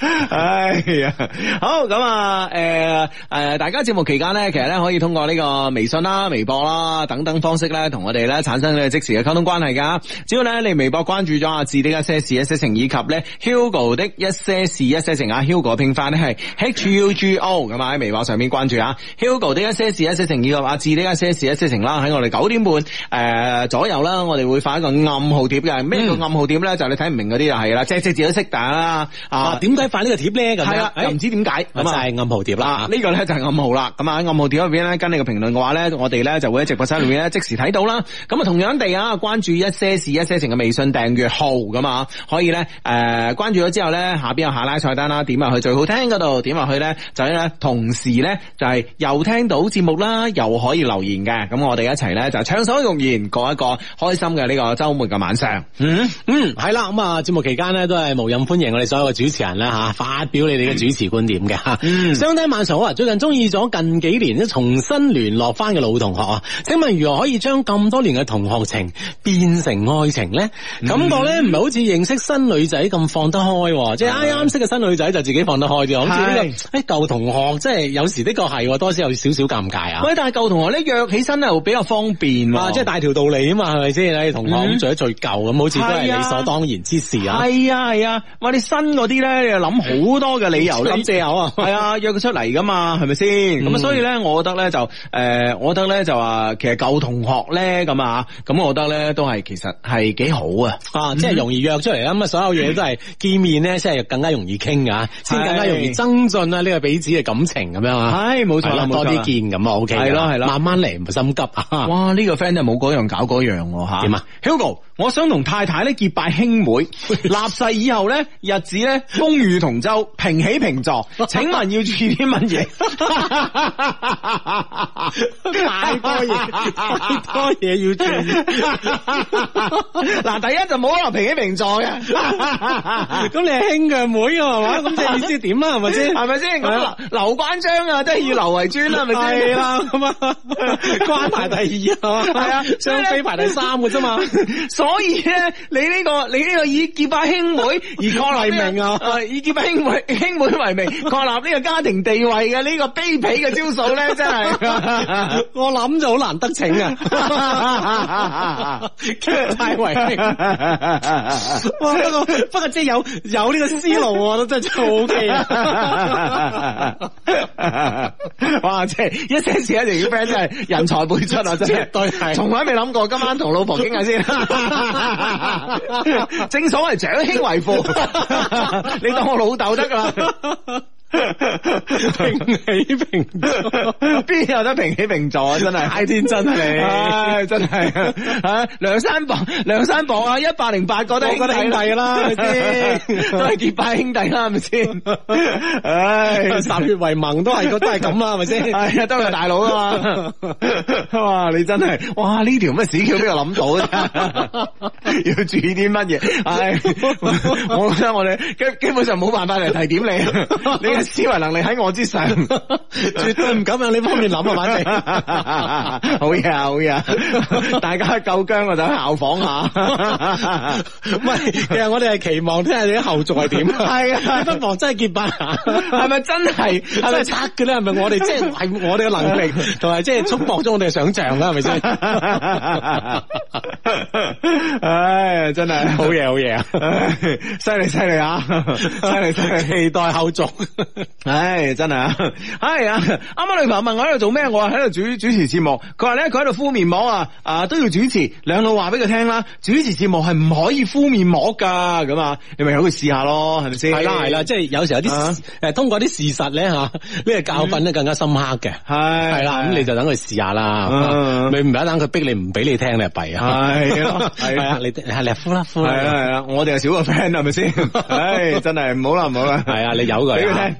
哎呀，好咁啊！誒誒，大家節目期間咧，其實咧可以通過呢個微信啦、微博啦等等方式咧，同我哋咧產生呢即時嘅溝通關係噶。只要咧你微博關注咗阿志呢一些事、一些情，以及咧 Hugo 的一些事、一些情，阿 Hugo 拼返呢係 H U G O 噶嘛，喺微博上面關注啊。Hugo 的一些事、一些情，以及阿志呢一些事、一些情啦，喺我哋九點半誒左右啦，我哋會發一個暗號貼嘅。咩叫暗號貼咧、就是？就你睇唔明嗰啲就係啦，只只字都識，打啦啊，點、啊、解？發、這個、呢個貼咧，咁係、欸、啊，又唔知點解咁啊，暗號貼啦，呢個咧就係暗號啦。咁啊，喺暗號貼入邊咧，跟你個評論嘅話咧，我哋咧就會喺直播室裏面咧即時睇到啦。咁啊，同樣地啊，關注一些事一些情嘅微信訂閱號噶嘛，可以咧誒、呃、關注咗之後咧，下邊有下拉菜單啦，點落去最好聽嗰度，點落去咧就咧、是、同時咧就係、是、又聽到節目啦，又可以留言嘅。咁我哋一齊咧就暢所欲言，過一個開心嘅呢個周末嘅晚上。嗯嗯，係啦，咁啊節目期間咧都係無任歡迎我哋所有嘅主持人啦啊！發表你哋嘅主持觀點嘅嚇，相睇晚上好啊最近中意咗近幾年都重新聯絡翻嘅老同學啊！請問如何可以將咁多年嘅同學情變成愛情咧、嗯？感覺咧唔係好似認識新女仔咁放得開，嗯、即係啱啱識嘅新女仔就自己放得開啲、嗯，好似啲、這個欸、舊同學即係有時的確係多啲有少少尷尬啊！喂，但係舊同學咧約起身又比較方便喎、啊，即係大條道理啊嘛，係咪先咧？同學做咗最舊咁，嗯、好似都係理所當然之事啊！係啊係啊！哇、啊，你新嗰啲咧咁好多嘅理由咁借口啊，係啊， [laughs] 約佢出嚟噶嘛，係咪先？咁啊，所以咧、呃，我覺得咧就誒，我覺得咧就話，其實舊同學咧咁啊，咁我覺得咧都係其實係幾好啊，啊，即係容易約出嚟啊，咁啊，所有嘢都係見面咧，即、嗯、係更加容易傾噶，先、啊、更加容易增進啊呢個彼此嘅感情咁樣啊，係冇錯啦，多啲見咁啊，O K，係咯係咯，慢慢嚟唔心急啊，哇，呢、這個 friend 就冇嗰樣搞嗰樣我吓，點啊，啊，Hugo，我想同太太咧結拜兄妹， [laughs] 立誓以後咧日子咧風雨。終於同舟平起平坐，請問要注意啲乜嘢？太多嘢，太多嘢要注意。嗱，第一就冇可能平起平坐嘅。咁 [laughs] [laughs] 你係兄嘅妹係嘛？咁即係意思點 [laughs] 啦？係咪先？係咪先？劉關張啊，即係以劉為尊啦，係咪先？係啦，咁啊，關排第二係 [laughs] 啊，張飛排第三嘅啫嘛。 [laughs] 所以咧，你呢、這個你呢個以結拜、啊、兄妹而抗黎明啊？ [laughs] 以兄為兄，妹為名，確立呢個家庭地位嘅呢個卑鄙嘅招數咧，真 [laughs] 係我諗就好難得逞啊！為 [laughs] 太為兄。不過即係有有呢個思路，我都真係好勁。哇，即 [laughs] 係 [laughs] 一些事一定要 friend 真係人才輩出啊！真 [laughs] 係對是是，從來未諗過，今晚同老婆傾下先。正所謂長兄為父，你 [laughs] 音 continually vanish 我老豆得㗎啦。平起平坐，邊有得平起平坐啊！真係太天真啦你，唉、哎，真係、啊、梁山伯，梁山伯啊，一百零八個都係兄弟啦，係咪先？都係結拜兄弟啦，係咪先？唉、哎，歃血為盟都係、哎，都係咁啦，係咪先？係啊，都係大佬啊嘛，哇！你真係，哇！呢條咩屎橋俾我諗到啊！ [laughs] 要注意啲乜嘢？唉、哎， [laughs] 我覺得我哋基基本上冇辦法嚟提點你。 [laughs] 思維能力喺我之上，絕對唔敢向呢方面諗啊！反正 [laughs] 好嘢啊，好嘢！大家夠姜我就效仿下。唔係，其實我哋係期望聽下你啲後續係點。係 [laughs] 啊，你不妨真係結拜，係咪真係係咪拆嘅咧？係 [laughs] 咪我哋即係係我哋嘅能力，同埋即係觸摸咗我哋嘅想象啦？係咪先？唉、 [laughs] 哎，真係好嘢，好嘢啊！犀利，犀利啊！犀利，犀利，期待後續。 [laughs] 唉，真係啊！係啊，啱啱女朋友問我喺度做咩，我話喺度主主持節目。佢話咧佢喺度敷面膜啊，啊、呃、都要主持。兩老話俾佢聽啦，主持節目係唔可以敷面膜噶，咁啊，你咪由佢試下咯，係咪先？係啦係啦，即 [laughs] 係、啊就是、有時候有啲誒、啊，通過啲事實咧吓，呢、啊、個教訓咧更加深刻嘅。係係啦，咁、啊啊啊、你就等佢試一下啦。你唔得等佢逼你唔俾你聽，你弊啊！係 [laughs] 係啊，你係你敷啦敷。係係啊，我哋係少個 friend 係咪先？唉，真係唔好啦唔好啦。係啊，啊 [laughs] [laughs] 你由佢。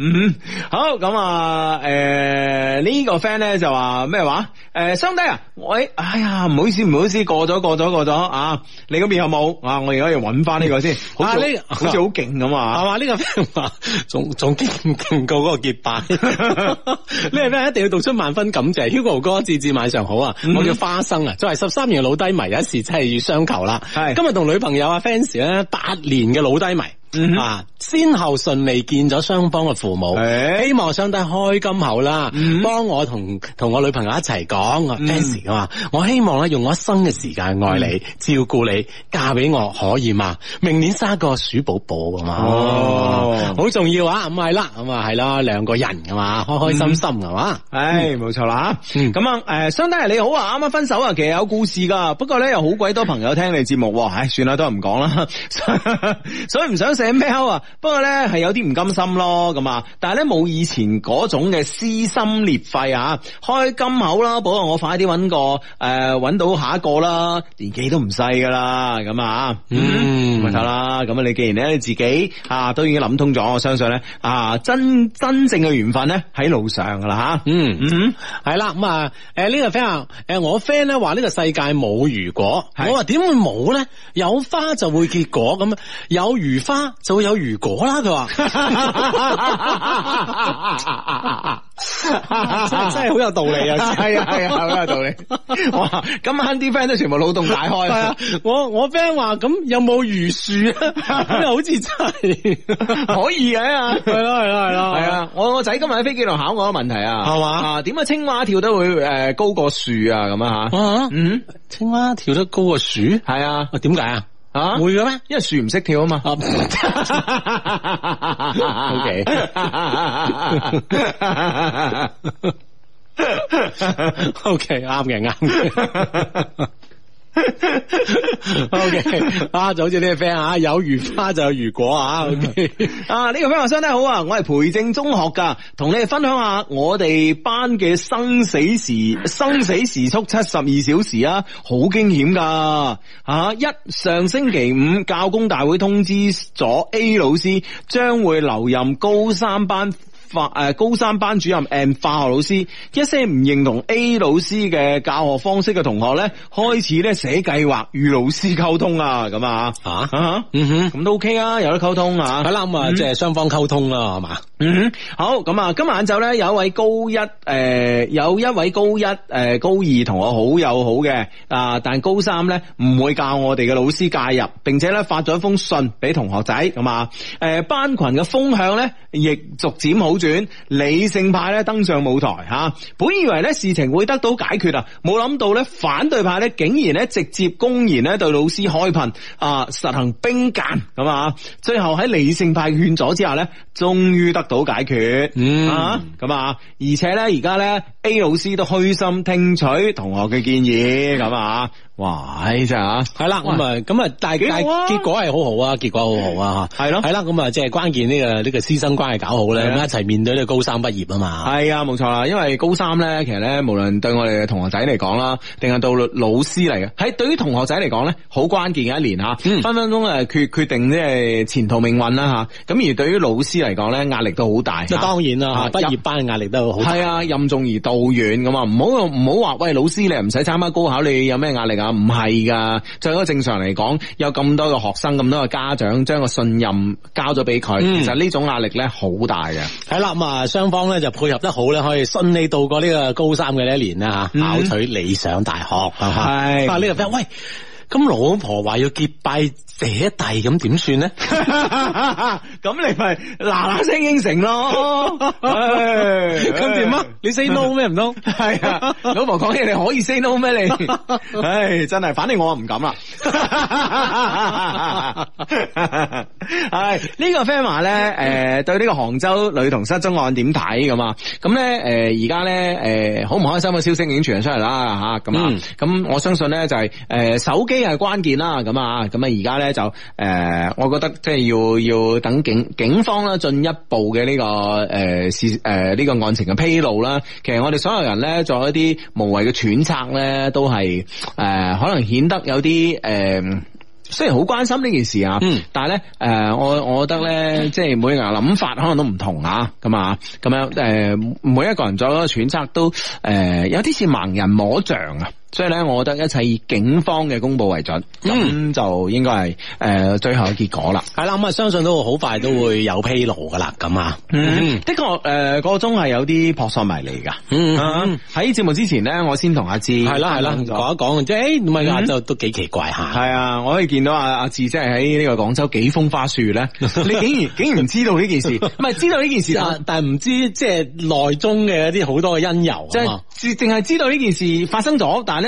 嗯，好咁啊，誒、呃這個、呢個 friend 咧就話咩話？誒、呃，雙低啊，喂，哎呀，唔好意思，唔好意思，過咗，過咗，過咗啊！你嗰邊有冇啊？我而家要揾翻呢個先，啊呢好似好勁咁啊，係嘛？呢、啊這個 friend 話仲仲勁勁夠個結拜，呢個 friend 一定要讀出萬分感謝，Hugo 哥，字字晚上好啊、嗯！我叫花生啊，作為十三年嘅老低迷，有時真係要相求啦。係今日同女朋友啊，fans 咧八年嘅老低迷、嗯，啊，先後順利見咗雙方嘅父。父母希望上帝開金口啦，幫、嗯、我同同我女朋友一齊講，S 嘛我希望咧用我一生嘅時間愛你、嗯、照顧你，嫁俾我可以嘛？明年生個鼠寶寶㗎嘛，好、哦嗯、重要啊，咁係啦，咁啊係啦，兩個人噶嘛，開開心心係嘛，唉、嗯，冇錯啦，咁啊，誒、嗯，上帝得你好啊，啱啱分手啊，其實有故事噶，不過咧又好鬼多朋友聽你節目，唉、哎，算啦，都唔講啦， [laughs] 所以唔想寫 mail 啊，不過咧係有啲唔甘心咯，咁啊。但係咧冇以前嗰種嘅撕心裂肺啊，開金口啦，保我快啲搵個誒搵到下一個啦，年紀都唔細噶啦，咁啊嗯，咪錯啦，咁啊你既然咧你自己啊，都已經諗通咗，我相信咧啊真真正嘅緣分咧喺路上噶啦吓，嗯嗯，係、嗯、啦，咁啊誒呢個 friend 誒我 friend 咧話呢個世界冇如果，我話點會冇咧？有花就會結果咁，有如花就會有如果啦，佢話。 [laughs] [laughs] 真係好有道理啊！係啊係啊，好有道理、啊。哇！ [laughs] 今晚啲 friend 都全部腦洞大開。我我 friend 話咁有冇魚樹咧？好似真係可以嘅啊！係咯係咯係咯，係啊！我我仔今日喺飛機度考我個問題啊，係嘛？點解啊？青蛙跳得會誒高過樹啊？咁啊吓？嗯，青蛙跳得高過樹？係啊？點解啊？啊、會嘅咩？因為樹唔識跳啊嘛。OK。OK，啱嘅，啱嘅。 [laughs] o Okay , K， [laughs] 啊，就好似呢個 friend 啊，有如花就有如果啊。啊，呢個 friend 我相得好啊，這個、好，我係培正中學噶，同你哋分享下我哋班嘅生死時生死時速七十二小時，很驚險的啊，好驚險噶吓。一上星期五教工大會通知咗 A 老師將會留任高三班。化誒，高三班主任誒，M, 化學老師一些唔認同 A 老師嘅教學方式嘅同學咧，開始咧寫計劃與老師溝通啊，咁啊，吓、啊啊、嗯哼，咁都 OK 啊，有得溝通啊，係、嗯、啦，咁啊，即係雙方溝通啦，係嘛，嗯哼，好，咁啊，今晚晏晝咧有一位高一誒、呃，有一位高一誒、呃，高二同學好友好嘅啊，但係高三咧唔會教我哋嘅老師介入，並且咧發咗一封信俾同學仔，咁啊，誒、呃，班群嘅風向咧亦逐漸好。轉理性派咧登上舞台吓，本以為咧事情會得到解決啊，冇諗到咧反對派咧竟然咧直接公然咧對老師開噴啊，實行兵諫咁啊，最後喺理性派勸阻之下咧，終於得到解決，嗯啊，咁啊，而且咧而家咧 A 老師都虛心聽取同學嘅建議咁啊。哇！真係吓，係啦咁啊咁啊，大結、嗯、結果係好好啊，結果好好啊吓，係咯，係啦咁啊，即係關鍵呢、這個呢、這個師生關係搞好咧，咁一齊面對呢個高三畢業啊嘛，係啊，冇錯啦，因為高三咧，其實咧，無論對我哋嘅同學仔嚟講啦，定係到老師嚟嘅，喺對於同學仔嚟講咧，好關鍵嘅一年吓、嗯，分分鐘誒決決定即係前途命運啦吓，咁、嗯、而對於老師嚟講咧，壓力都好大，即、嗯、當然啦吓，畢業班嘅壓力都好，係啊，任重而道遠咁啊，唔好唔好話喂，老師你唔使參加高考，你有咩壓力啊？唔係噶，作為一個正常嚟講，有咁多嘅學生，咁多嘅家長將個信任交咗俾佢，其實呢種壓力咧好大嘅。係啦，咁啊雙方咧就配合得好咧，可以順利度過呢個高三嘅呢一年啦吓、嗯，考取理想大學。係啊，呢個 friend 喂。嗯咁老婆話要結拜姐弟，咁點算咧？咁 [laughs] 你咪嗱嗱聲應承咯。咁 [laughs] 點 [laughs] 行 [laughs] 啊？你 say no 咩唔通？係啊，老婆講嘢你可以 say no 咩你？唉 [laughs] [laughs] [laughs] [laughs] 真係，反正我唔敢啦。係 [laughs] 呢、 [laughs] 哎這個 friend 咧，誒、呃，對呢個杭州女童失蹤案點睇咁啊？咁咧，誒、呃，而家咧，誒、呃，好唔開心嘅消息已經傳出嚟啦，吓咁啊。咁、嗯、我相信咧就係、是，誒、呃，手機。呢係關鍵啦，咁啊，咁啊，而家咧就誒，我覺得即係要要等警警方咧進一步嘅呢個誒事誒呢個案情嘅披露啦。其實我哋所有人咧做一啲無謂嘅揣測咧，都係誒可能顯得有啲誒，雖然好關心呢件事啊，嗯、但係咧誒，我我覺得咧即係每個人諗法可能都唔同啊，咁啊，咁樣誒，每一個人做一個揣測都誒，有啲似盲人摸象啊。所以咧，我覺得一切以警方嘅公布為準，咁、嗯、就應該係誒最後嘅結果啦。係啦，咁啊，相信都好快都會有披露噶啦。咁、嗯、啊、嗯，的確誒，呃那個鐘係有啲撲朔迷離噶。喺、嗯、節、嗯、目之前呢，我先同阿志係啦係啦講一講，即係誒，唔係啊，就都幾奇怪吓。係、嗯、啊，我可以見到阿阿志即係喺呢個廣州幾風花雪咧， [laughs] 你竟然竟然唔知道呢件事，唔 [laughs] 係知道呢件事， [laughs] 但係唔知即係內中嘅一啲好多嘅因由，即係淨係知道呢件事發生咗，但係咧。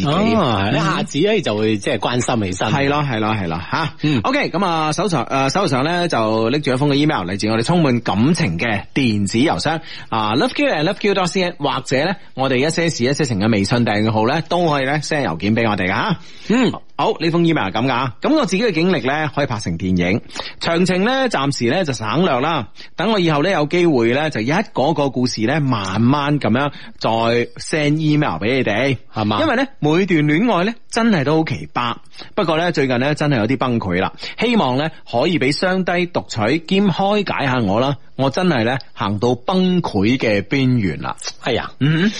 哦、啊，一下子咧就會即係關心起身、嗯，係咯係咯係咯吓。嗯，OK，咁啊，手上誒，手上咧就拎住一封嘅 email 嚟，自我哋充滿感情嘅電子郵箱啊 loveq and loveq.cn 或者咧我哋一些事一些情嘅微信訂閱號咧都可以咧 send 郵件俾我哋啊。嗯。好呢封 email 咁噶，咁我自己嘅經歷呢，可以拍成電影，詳情呢，暫時呢，就省略啦，等我以後呢，有機會呢，就一個一個故事呢，慢慢咁樣再 send email 俾你哋係嘛，因為呢，每段戀愛呢，真係都好奇葩，不過呢，最近呢，真係有啲崩潰啦，希望呢，可以俾雙低讀取兼開解下我啦，我真係呢，行到崩潰嘅邊緣啦，係呀，嗯哼，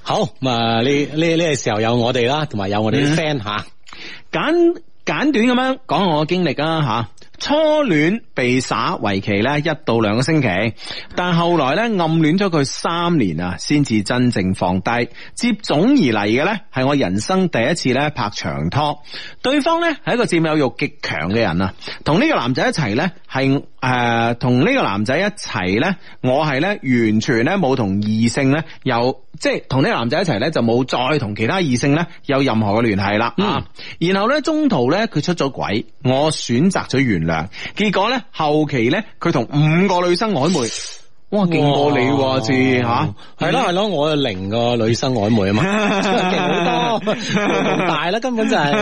好咁啊，呢呢呢個時候有我哋啦，同埋有我哋啲 friend 吓。嗯簡簡短咁樣講下，我嘅經歷啊吓。初戀被耍為期咧一到兩個星期，但係後來咧暗戀咗佢三年啊，先至真正放低。接踵而嚟嘅咧係我人生第一次咧拍長拖，對方咧係一個佔有欲極強嘅人啊。同呢個男仔一齊咧係誒，同、呃、呢個男仔一齊咧，我係咧完全咧冇同異性咧有即係同呢個男仔一齊咧就冇再同其他異性咧有任何嘅聯繫啦。嗯，然後咧中途咧佢出咗軌，我選擇咗原。結果咧，後期咧，佢同五個女生曖昧。哇，勁過你喎，知吓？係咯係，咯，我有零個女生曖昧啊嘛。 [laughs] 勁好很多， [laughs] 大啦，根本就係、是。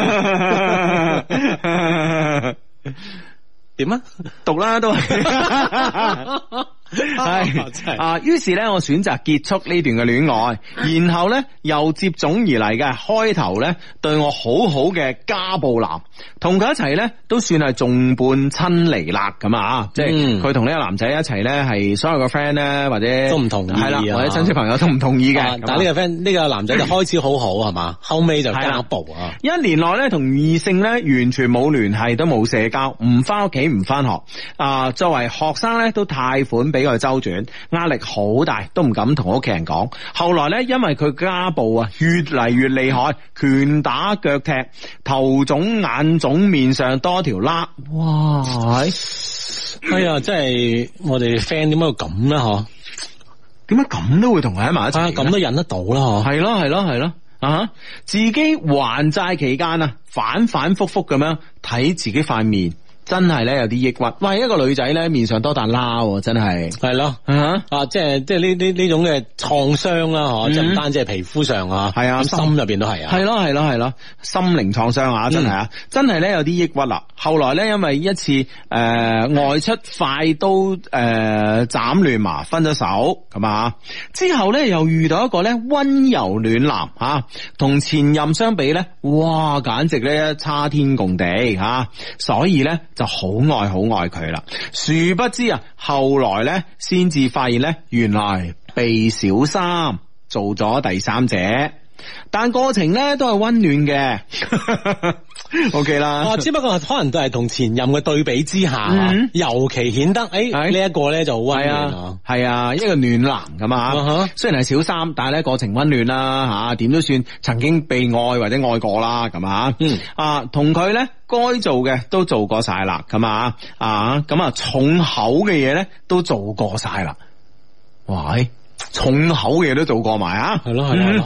點 [laughs] 啊？讀啦，都係。 [laughs] [laughs] 係啊，於是咧，我選擇結束呢段嘅戀愛，然後咧又接踵而嚟嘅開頭咧，對我好好嘅家暴男，同佢一齊咧都算係眾叛親離啦咁啊，即係佢同呢個男仔一齊咧，係所有嘅 friend 咧或者都唔同意，或者親戚朋友都唔同意嘅。但呢個 friend 呢個男仔就開始好好係嘛，後尾就家暴啊，一年內咧同異性咧完全冇聯繫，都冇社交，唔翻屋企，唔翻學啊。作為學生咧都貸款俾。呢個周轉壓力好大，都唔敢同屋企人講。後來咧，因為佢家暴啊，越嚟越厲害，拳打腳踢，頭腫眼腫，面上多條瘌。哇！哎呀，真 [laughs] 係、哎、我哋 friend 點解要咁咧？嗬？點解咁都會同佢喺埋一齊？咁、哎、都忍得到啦？嗬？係咯，係咯，係咯。啊、uh -huh.！自己還債期間啊，反反复复咁樣睇自己塊面。真係咧，有啲抑鬱，哇！一個女仔咧，面上多啖喎，真係。係咯、啊，啊，即係即係呢呢呢種嘅創傷啦，就、嗯、唔單止係皮膚上啊，係、嗯、啊，心入邊都係啊。係咯係咯係咯，心靈創傷啊，真係啊、嗯，真係咧有啲抑鬱啦。後來咧因為一次誒、呃、外出快刀誒斬亂麻，分咗手，咁啊。之後咧，又遇到一個咧溫柔暖男，吓同前任相比咧，哇簡直咧差天共地吓，所以咧。好愛好愛佢啦，殊不知啊，後來咧先至發現咧，原來被小三做咗第三者。但過程咧都係溫暖嘅 [laughs] ，OK 啦。啊，只不過可能都係同前任嘅對比之下，嗯、尤其顯得誒呢一個咧就好威啊。係啊，啊，一個暖男咁啊。雖然係小三，但係咧過程溫暖啦吓，點、啊、都算曾經被愛或者愛過啦，咁、啊、嘛。嗯。啊，同佢咧該做嘅都做過晒啦，咁啊啊咁啊重口嘅嘢咧都做過晒啦。喂。重口嘅嘢都做過埋啊，係咯係咯，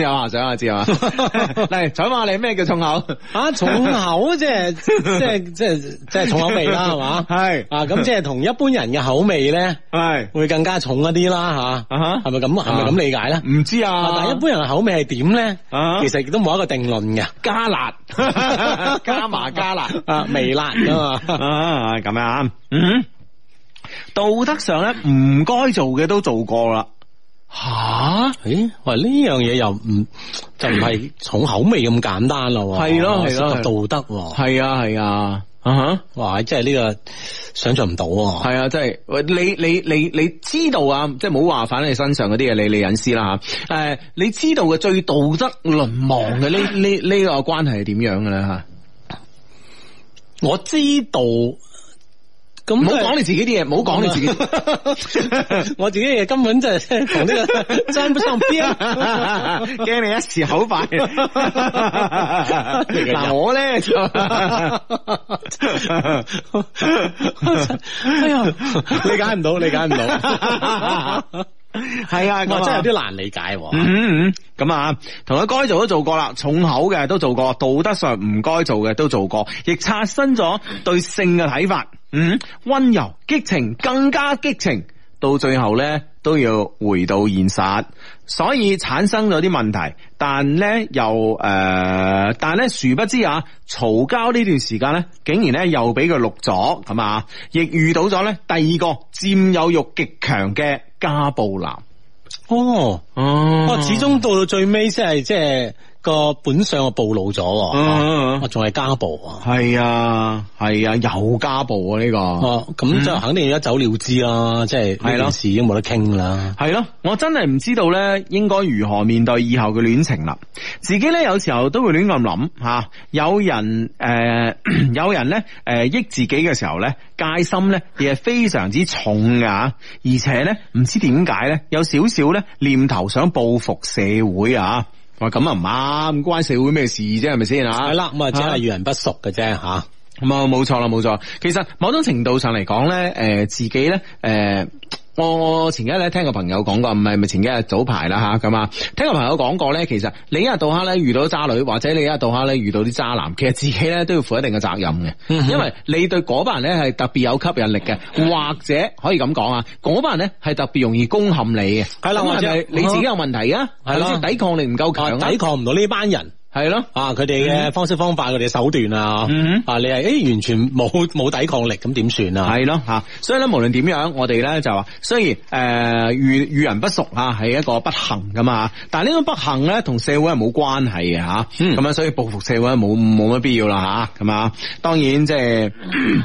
有話想我知啊。嚟彩話你咩叫重口啊？重口 [laughs] 即係即係即係即係重口味啦，係嘛？係啊，咁即係同一般人嘅口味咧，係會更加重一啲啦吓，係咪咁？係咪咁理解咧？唔、啊、知啊，啊，但係一般人嘅口味係點咧？其實亦都冇一個定論嘅，加辣 [laughs] 加麻加辣啊，啊，啊，微辣㗎嘛。咁啊，啊啊啊啊啊樣，嗯哼。道德上咧唔該做嘅都做過啦，吓、啊？誒、欸，喂，呢樣嘢，又唔就唔係重口味咁簡單啦？係咯係咯，道德係啊係啊，啊哈、啊！哇，即係呢、這個想象唔到，係啊，即係。你你你你知道啊，即係冇好話反你身上嗰啲嘢，你你隱私啦吓。誒、啊，你知道嘅最道德淪亡嘅呢呢呢個關係係點樣嘅咧吓？我知道。唔好講你自己啲嘢，唔好講你自己。 [laughs] 我自己啲嘢根本就係同呢個爭不上邊，驚 [laughs] [laughs] 你一時口快。嗱、 [laughs] 啊，我咧， [laughs] [laughs] 哎呀，理解唔到，理解唔到。 [laughs] 係啊，我真係有啲難理解。咁、嗯、啊、嗯嗯，同佢該做都做過啦，重口嘅都做過，道德上唔該做嘅都做過，亦刷新咗對性嘅睇法。嗯，嗯，温柔、激情，更加激情，到最後呢都要回到現實，所以產生咗啲問題。但呢又誒、呃，但呢殊不知啊，嘈交呢段時間呢，竟然呢又俾佢錄咗，咁啊亦遇到咗呢第二個佔有欲極強嘅。家暴男，哦，哦、嗯，我始終到到最尾先係即係。個本相我暴露咗，我仲係家暴啊！係、嗯、啊，係啊，有家暴啊！呢個咁就肯定要一走了之啦，嗯，即係呢件事已經冇得傾啦。係咯，啊，我真係唔知道咧，應該如何面對以後嘅戀情啦。自己咧，有時候都會亂咁諗吓，有人誒、呃，有人咧誒，益自己嘅時候咧，戒心咧亦係非常之重㗎。而且咧唔知點解咧，有少少咧念頭想報復社會啊！話咁啊唔啱，關社會咩事啫，係咪先吓？係啦，咁啊只係遇人不淑嘅啫吓，咁啊冇錯啦，冇錯。其實某種程度上嚟講咧，誒、呃、自己咧，誒、呃。我前幾日聽個朋友講過，唔係咪？前幾日早排啦，吓，咁啊，聽個朋友講過咧，其實你一日到黑咧遇到渣女，或者你一日到黑咧遇到啲渣男，其實自己咧都要負一定嘅責任嘅，因為你對嗰班人咧係特別有吸引力嘅， [laughs] 或者可以咁講啊，嗰班人咧係特別容易攻陷你嘅。係啦，就係你自己有問題啊，係咯，抵抗力唔夠強，抵抗唔到呢班人。係咯，啊，佢哋嘅方式方法，佢哋嘅手段啊，嗯、啊，你係誒、哎、完全冇冇抵抗力咁點算啊？係咯，吓、啊，所以咧無論點樣，我哋咧就話，雖然誒、呃、遇遇人不淑啊，係一個不幸噶嘛，但係呢種不幸咧同社會係冇關係嘅吓，咁、嗯、樣、啊、所以報復社會冇冇乜必要啦吓，咁啊，啊，當然即、就、係、是。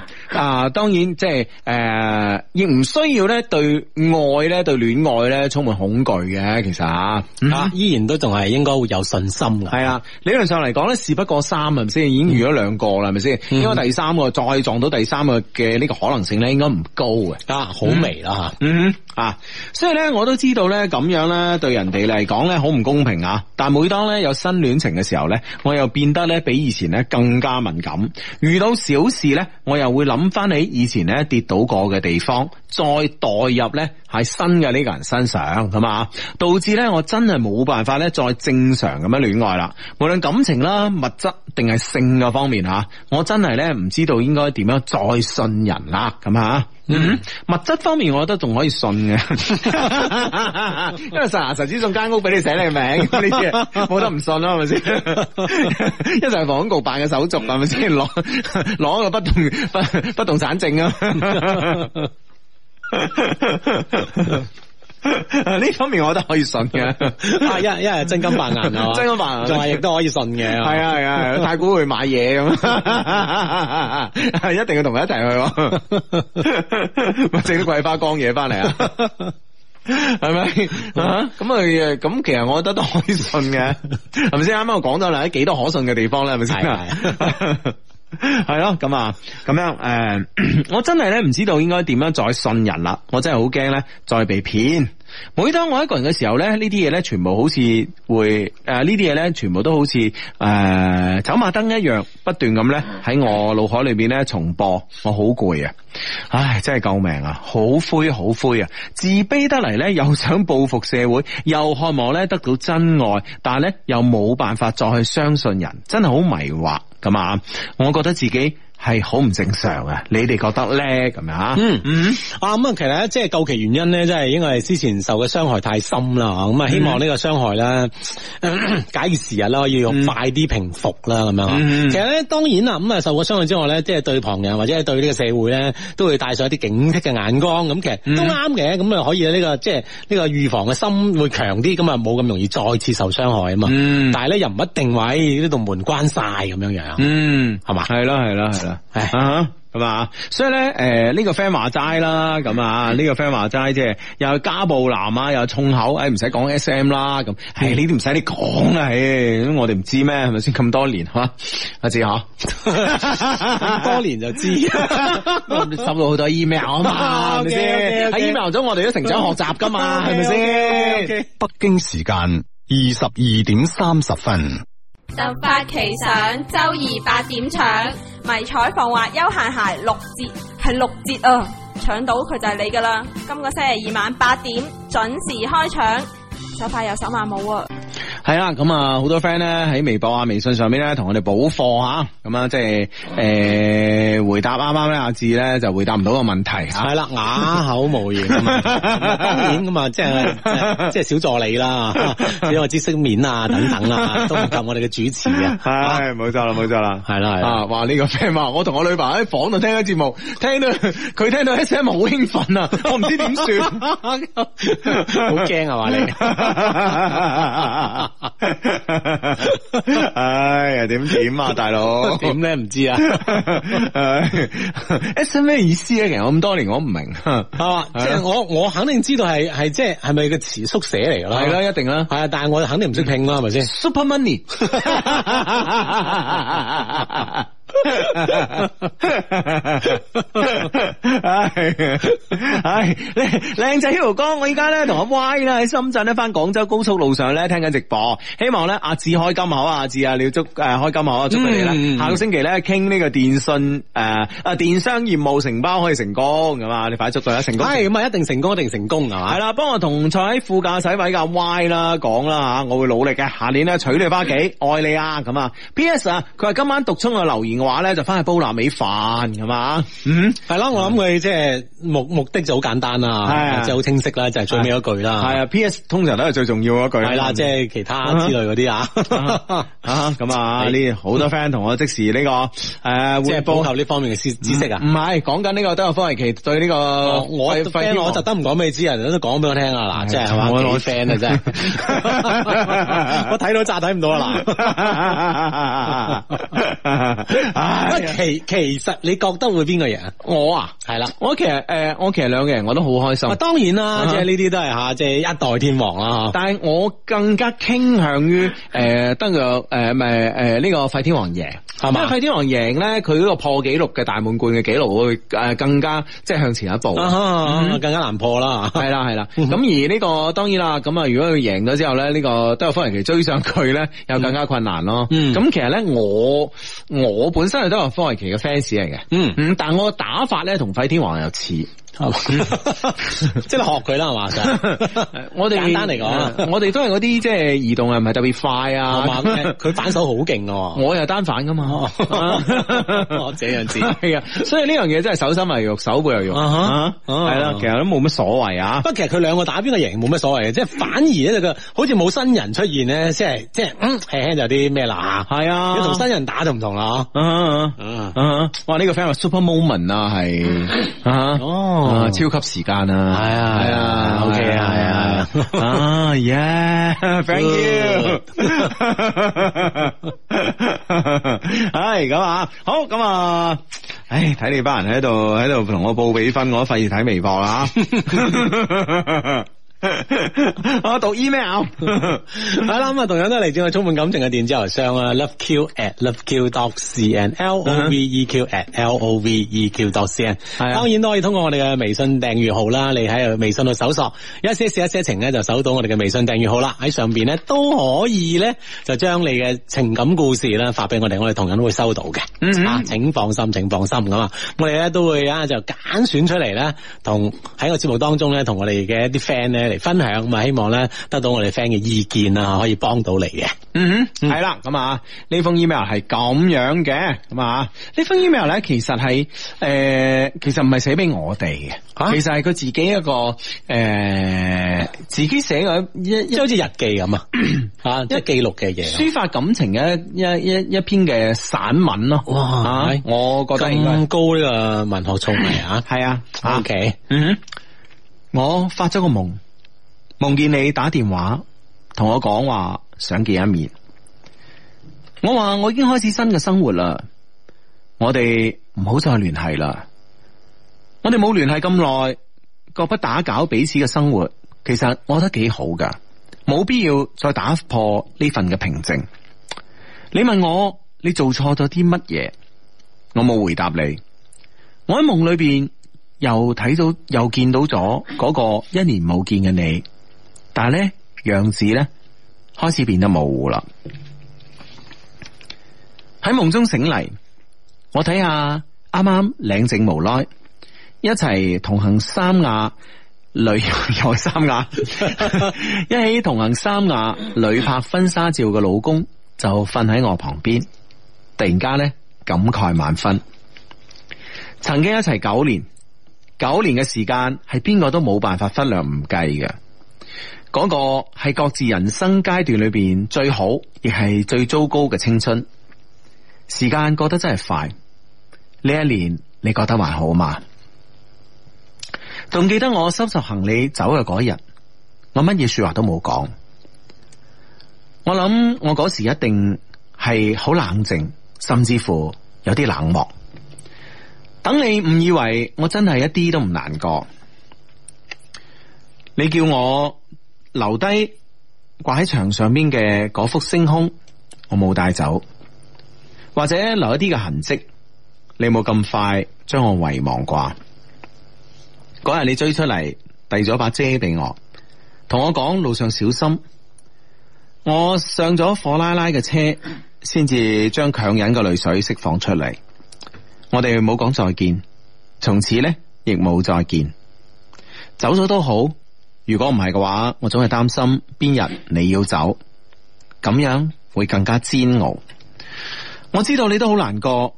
[coughs] 啊，當然即係誒，亦、呃、唔需要咧對愛咧對戀愛咧充滿恐懼嘅，其實吓、嗯啊，依然都仲係應該會有信心嘅。係啊，理論上嚟講咧，事不過三係咪先？已經遇咗兩個啦，係咪先？應、嗯、該第三個再撞到第三個嘅呢個可能性咧，應該唔高嘅，啊，好微啦吓。嗯，啊，所以咧我都知道咧咁樣咧對人哋嚟講咧好唔公平啊。但每當咧有新戀情嘅時候咧，我又變得咧比以前咧更加敏感，遇到小事咧我又會諗。諗翻起以前咧跌倒過嘅地方，再代入咧係新嘅呢個人身上，咁啊，導致咧我真係冇辦法咧再正常咁樣戀愛啦。無論感情啦、物質定係性嘅方面吓，我真係咧唔知道應該點樣再信人啦，咁啊。嗯嗯、物質方面，我覺得仲可以信嘅，因為實牙實齒送間屋俾你寫你名，呢啲冇得唔信啦。係咪先？ [laughs] 一齊房管局辦嘅手續係咪先攞攞個不動不不動產證啊？呢方面我覺得可以信嘅、 [laughs] 啊，一係一係真金白銀啊，真金白銀仲係亦都可以信嘅，係啊係啊， [laughs] 太古會買嘢，咁，一定要同佢一齊去，整啲桂花乾嘢翻嚟啊，係咪咁啊？咁其實我覺得都可以信嘅，係咪先？啱啱我講到啦，喺幾多可信嘅地方咧，係咪 [laughs] [laughs] 係 [laughs] 咯，咁啊，咁樣，誒、呃，我真係咧唔知道應該點樣再信人啦，我真係好驚咧再被騙。每當我一個人嘅時候咧，呢啲嘢咧，全部好似會誒呢啲嘢咧，呃、全部都好似誒走馬燈一樣，不斷咁咧喺我腦海裏邊咧重播。我好攰啊，唉，真係救命啊，好灰好灰啊，自卑得嚟咧，又想報復社會，又渴望咧得到真愛，但係咧又冇辦法再去相信人，真係好迷惑咁啊！我覺得自己。係好唔正常啊！你哋覺得咧咁樣啊？嗯嗯啊咁、嗯、啊，其實咧即係究其原因咧，即係因為之前受嘅傷害太深啦啊！咁、嗯、啊，希望呢個傷害啦、嗯、假如時日啦，要用快啲平復啦，咁樣啊。其實咧，當然啦，咁啊，受過傷害之外咧，即係對旁人或者對呢個社會咧，都會帶上一啲警惕嘅眼光。咁其實都啱嘅，咁、嗯、啊，以可以呢、這個即係呢個預防嘅心會強啲，咁啊，冇咁容易再次受傷害啊嘛。但係咧，又唔一定，話呢度門關晒咁樣樣。嗯。係嘛？係、嗯、啦，係啦，係啦。係啊，咁啊，所以咧，誒，呢個 friend 話齋啦，咁啊，呢個 friend 話齋即係又有家暴男啊，又，有又有重口，誒，唔使講 S M 啦，咁，誒，呢啲唔使你講啊，唉，咁我哋唔知咩，係咪先咁多年，係嘛？阿志嗬，咁多年就知，收到好多 email 啊嘛，係咪先？喺 email 咗，我哋都成長學習噶嘛，係咪先？北京時間二十二點三十分。突發奇想，周二八點搶迷彩防滑休閒鞋六折，係六折啊！搶到佢就係你噶啦！今個星期二晚八點準時開搶，手快有手慢冇啊！係啦，咁啊，好多 friend 咧喺微博啊、微信上面咧，同我哋補課吓，咁啊，即係誒、欸，回答啱啱咧，阿志咧就回答唔到個問題吓，係 [laughs] 啦，啞口無言當然啊嘛，咁 [laughs] 啊，即係即係小助理啦，只 [laughs] 係知識面啊等等啦，都唔及我哋嘅主持啊，係冇錯啦，冇錯啦，係啦係啦，哇，呢、這個 friend 話，我同我女朋友喺房度聽緊節目，聽到佢聽到 S M 好興奮 [laughs] [laughs] 啊，我唔知點算，好驚啊，話你？ [laughs] [laughs] 哎呀，點點啊，大佬點咧唔知啊？S M 咩意思咧，其實我咁多年我唔明，係嘛？即 [laughs] 係我我肯定知道係係即係咪個詞縮寫嚟噶啦？係 [laughs] 啦，一定啦。係啊，但係我肯定唔識拼啦，係咪先？Super Money。 [laughs] 唉 [laughs] 唉，靚仔 Hugo，我依家咧同阿 Y 啦喺深圳呢，翻廣州高速路上咧聽緊直播，希望咧阿志開金口，阿志啊，你要祝誒、呃、開金口，祝你啦、嗯！下個星期咧傾呢個電信誒誒、呃、電商業務承包可以成功咁啊！你快祝佢啦，成功！係咁啊，一定成功，一定成功係嘛？係、嗯、啦，幫我同坐喺副駕駛位嘅 Y 啦，講啦吓，我會努力嘅，下年咧娶你翻屋企，愛你啊！咁啊，P S 啊，佢話今晚讀出我留言嘅話。就翻去煲臘味飯，係嘛？係、嗯、啦，我諗佢即係目目的就好簡單啦，即係好清晰啦，就係、是、最尾嗰句啦。係啊，P.S. 通常都係最重要嗰句。係啦，即、就、係、是、其他之類嗰啲啊, [laughs] 啊。咁啊，呢好多 friend 同我即時呢、這個誒，即係煲合呢方面嘅知知識、嗯這個哦嗯就是、啊？唔 [laughs] 係， [laughs] 講緊呢個都有方為奇對呢個我我特登唔講俾你知，人都講俾我聽啊嗱，即係我攞 friend 啊真，我睇到炸睇唔到啊嗱。其、啊、其實你覺得會邊個贏啊？我啊，係啦，我其實誒，我其實兩個人我都好開心。當然啦，即係呢啲都係吓，即係一代天王啦、啊。但係我更加傾向於誒、呃，登入誒，誒、呃、呢、呃這個費天王贏，因為費天王贏咧，佢嗰個破紀錄嘅大滿貫嘅紀錄會誒更加即係、就是、向前一步，啊嗯、更加難破啦。係啦係啦，咁而呢、這個當然啦，咁啊如果佢贏咗之後咧，呢、這個都有方賢奇追上佢咧，又更加困難咯。咁、嗯、其實咧，我我本我真係都係方偉琪嘅 fans 嚟嘅，嗯嗯，但我打法咧同費天王又似。哦、即係學佢啦，係、就、嘛、是？我哋簡單嚟講，我哋都係嗰啲即係移動係唔係特別快啊？佢、啊、反手好勁嘅，我又單反噶嘛？哦、啊，我這樣子係啊，所以呢樣嘢真係手心為肉，手背又肉，係、啊、啦、啊，其實都冇乜所謂啊。不、啊、過其實佢兩個打邊個贏冇乜所謂嘅，即係反而咧好似冇新人出現咧，即係即係輕輕有啲咩啦，係啊。同新人打就唔同啦，啊啊啊！哇，呢、這個 friend 話 super moment 啊，係啊，哦。啊、哦，超級時間啊，係啊係啊，OK 啊係啊，啊，啊，啊、okay, 啊，啊，啊，啊 [laughs] ，Yeah，Thank you，哎，咁 [laughs] 啊、嗯，好，咁啊，唉，睇你班人喺度喺度同我報比分，我費事睇微博啦。 [laughs] 我讀 email，係啦，咁啊同樣都係嚟自我充滿感情嘅電子郵箱啊，Love Q at Love Q dot C N L O V E Q at L O V E Q dot C N，係啊，當然都可以通過我哋嘅微信訂閱號啦，你喺微信度搜索，一些事一些情咧就搜到我哋嘅微信訂閱號啦，喺上邊咧都可以咧就將你嘅情感故事咧發俾我哋，我哋同樣都會收到嘅，嗯哼，請放心，請放心咁啊，我哋咧都會啊就揀選出嚟，咧，同喺個節目當中咧同我哋嘅一啲 friend 咧，分享，咁啊希望咧得到我哋 friend 嘅意見啊，可以幫到你嘅。嗯哼，係啦，咁啊，呢封 email 係咁樣嘅，咁啊，呢封 email 咧其實係誒，其實唔係寫俾我哋嘅，啊，其實係佢自己一個誒，呃，自己寫嘅一一好似日記咁啊，啊，啊，即係記錄嘅嘢，抒發感情嘅一一一一篇嘅散文咯。哇，我覺得咁高呢個文學造詣啊，係啊，OK，嗯哼，我發咗個夢。夢見你打電話同我講話，想見一面。我話我已經開始新嘅生活啦，我哋唔好再聯繫啦。我哋冇聯繫咁耐，各不打攪彼此嘅生活，其實我覺得幾好噶，冇必要再打破呢份嘅平靜。你問我你做錯咗啲乜嘢，我冇回答你。我喺夢裏邊又睇到，又見到咗嗰個一年冇見嘅你。但係咧，樣子咧開始變得模糊啦。喺夢中醒嚟，我睇下啱啱領證無耐，一齊同行三亞旅遊，又三亞，一起同行三亞旅 [laughs] [laughs] 拍婚紗照嘅老公就瞓喺我旁邊。突然間咧，感慨萬分。曾經一齊九年，九年嘅時間係邊個都冇辦法分量唔計嘅。嗰個係各自人生階段裏邊最好，亦係最糟糕嘅青春。時間過得真係快。呢一年你覺得還好嘛？仲記得我收拾行李走嘅嗰一日，我乜嘢說話都冇講。我諗我嗰時一定係好冷靜，甚至乎有啲冷漠。等你誤以為我真係一啲都唔難過，你叫我。留低掛喺牆上邊嘅嗰幅星空，我冇帶走，或者留一啲嘅痕跡。你冇咁快將我遺忘啩？嗰日你追出嚟，遞咗把遮俾我，同我講路上小心。我上咗火拉拉嘅車，先至將強忍嘅淚水釋放出嚟。我哋冇講再見，從此呢亦冇再見。走咗都好。如果唔係嘅話，我總係擔心邊日你要走，咁樣會更加煎熬。我知道你都好難過，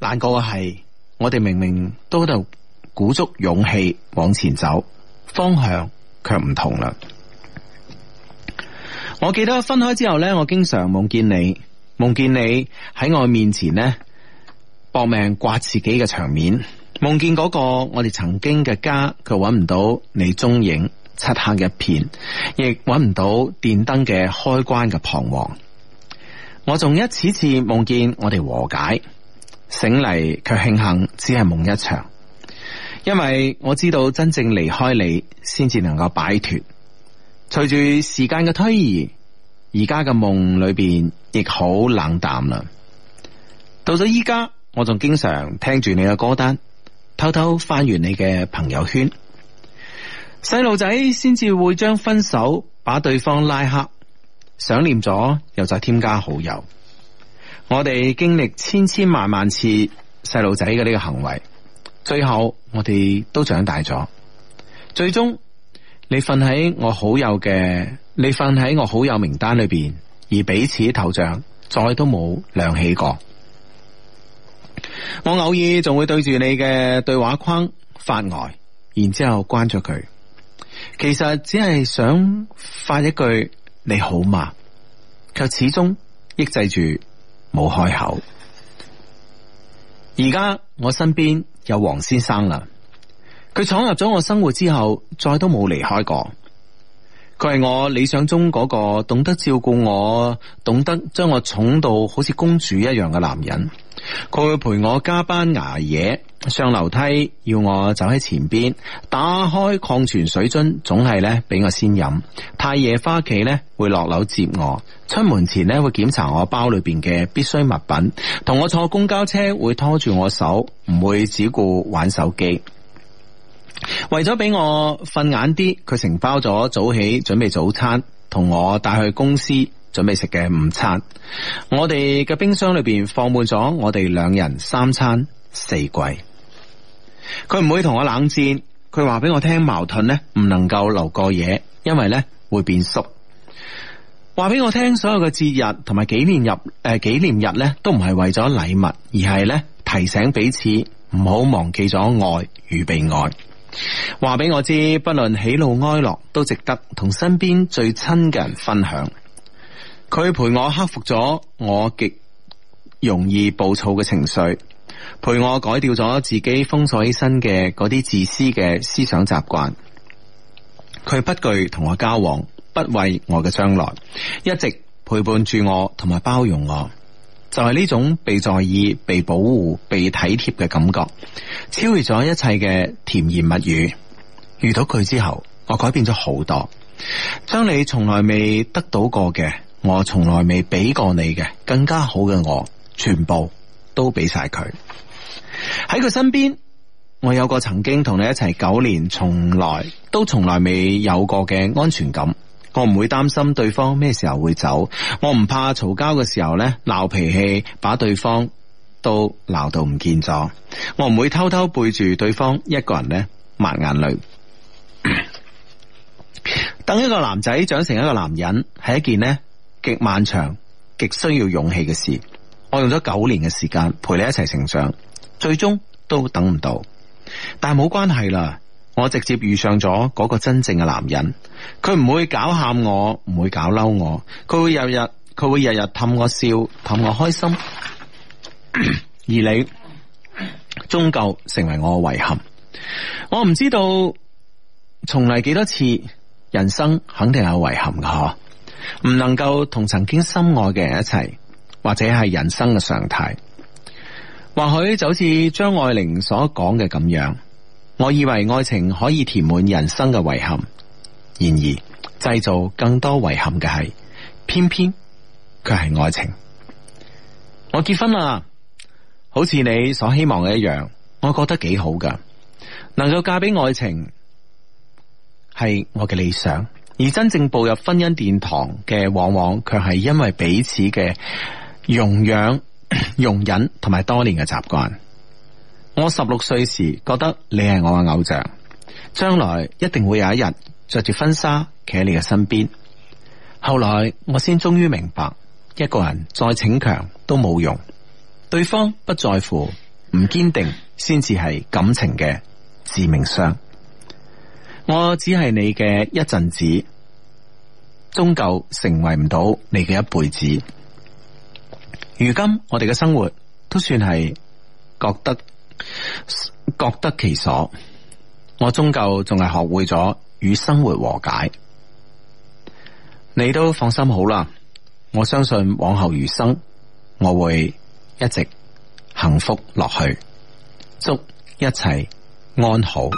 難過嘅係，我哋明明都喺度鼓足勇氣往前走，方向卻唔同啦。我記得分開之後咧，我經常夢見你，夢見你喺我面前咧搏命刮自己嘅場面，夢見嗰個我哋曾經嘅家，佢揾唔到你蹤影。漆黑一片，亦揾唔到電燈嘅開關嘅彷徨。我仲一次次夢見我哋和解，醒嚟，卻慶幸只係夢一場。因為我知道真正離開你，先至能夠擺脫。隨住時間嘅推移，而家嘅夢裏邊亦好冷淡啦。到咗依家，我仲經常聽住你嘅歌單，偷偷翻完你嘅朋友圈。細路仔先至會將分手，把對方拉黑，想念咗又再添加好友。我哋經歷千千萬萬次細路仔嘅呢個行為，最後我哋都長大咗。最終，你瞓喺我好友嘅，你瞓喺我好友名單裏邊，而彼此頭像再都冇亮起過。我偶爾仲會對住你嘅對話框發呆，然之後關咗佢。其實只係想發一句你好嘛，卻始終抑制住冇開口。而家我身邊有黃先生啦，佢闖入咗我生活之後，再都冇離開過。佢係我理想中嗰個懂得照顧我、懂得將我寵到好似公主一樣嘅男人。佢會陪我加班挨夜上樓梯，要我走喺前邊，打開礦泉水樽，總係咧俾我先飲。太夜翻屋企咧，會落樓接我。出門前咧會檢查我包裏邊嘅必需物品，同我坐公交車會拖住我手，唔會只顧玩手機。為咗俾我瞓晏啲，佢承包咗早起準備早餐，同我帶去公司。準備食嘅午餐，我哋嘅冰箱裏邊放滿咗我哋兩人三餐四季。佢唔會同我冷戰，佢話俾我聽矛盾呢唔能夠留過夜，因為呢會變縮。話俾我聽，所有嘅節日同埋紀念日誒，紀念日呢都唔係為咗禮物，而係呢提醒彼此唔好忘記咗愛與被愛。話俾我知，不論喜怒哀樂，都值得同身邊最親嘅人分享。佢陪我克服咗我極容易暴躁嘅情緒，陪我改掉咗自己封鎖起身嘅嗰啲自私嘅思想習慣。佢不懼同我交往，不畏我嘅將來，一直陪伴住我同埋包容我。就係、是、呢種被在意、被保護、被體貼嘅感覺，超越咗一切嘅甜言蜜語。遇到佢之後，我改變咗好多，將你從來未得到過嘅。我從來未俾過你嘅更加好嘅我，全部都俾晒佢喺佢身邊。我有個曾經同你一齊九年，從來都從來未有過嘅安全感。我唔會擔心對方咩時候會走，我唔怕嘈交嘅時候呢鬧脾氣，把對方都鬧到唔見咗。我唔會偷偷背住對方一個人呢抹眼淚。 [coughs] 等一個男仔長成一個男人，係一件呢，極漫長、極需要勇氣嘅事，我用咗九年嘅時間陪你一齊成長，最終都等唔到。但係冇關係啦，我直接遇上咗嗰個真正嘅男人，佢唔會搞喊我，唔會搞嬲我，佢會日日佢會日日氹我笑，氹我開心。咳咳，而你終究成為嘅我遺憾，我唔知道從嚟幾多次，人生肯定有遺憾嘅唔能夠同曾經深愛嘅人一齊，或者係人生嘅常態。或許就好似張愛玲所講嘅咁樣，我以為愛情可以填滿人生嘅遺憾，然而製造更多遺憾嘅係，偏偏卻係愛情。我結婚啦，好似你所希望嘅一樣，我覺得幾好噶，能夠嫁俾愛情，係我嘅理想。而真正步入婚姻殿堂嘅，往往卻係因為彼此嘅容養、容忍同埋多年嘅習慣。我十六歲時覺得你係我嘅偶像，將來一定會有一日着住婚紗企喺你嘅身邊。後來我先終於明白，一個人再逞強都冇用，對方不在乎、唔堅定，先至係感情嘅致命傷。我只係你嘅一陣子，終究成為唔到你嘅一輩子。如今我哋嘅生活都算係各得各得其所，我終究仲係學會咗與生活和解。你都放心好啦，我相信往後餘生我會一直幸福落去，祝一切安好。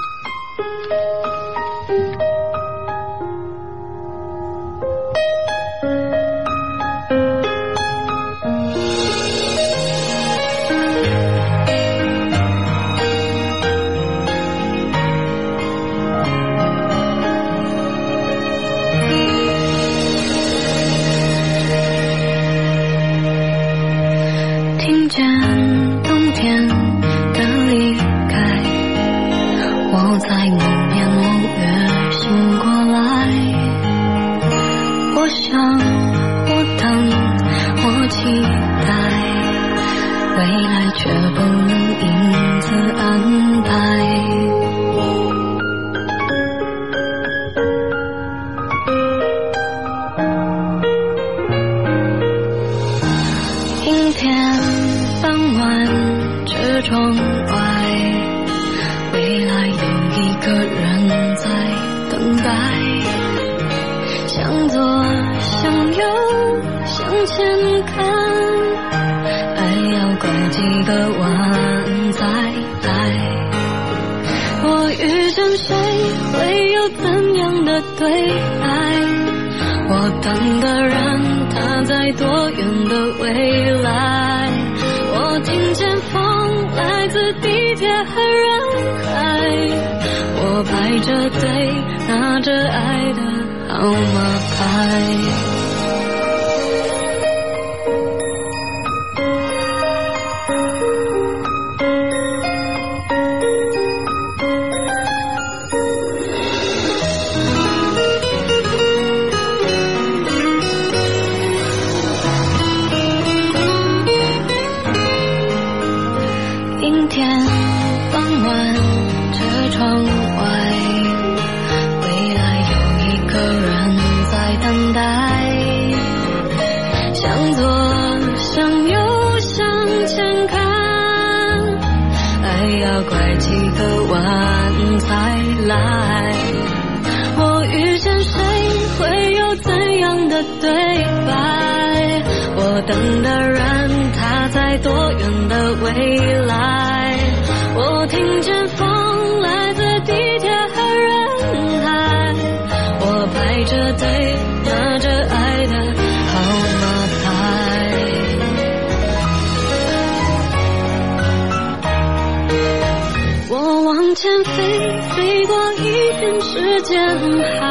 時間海，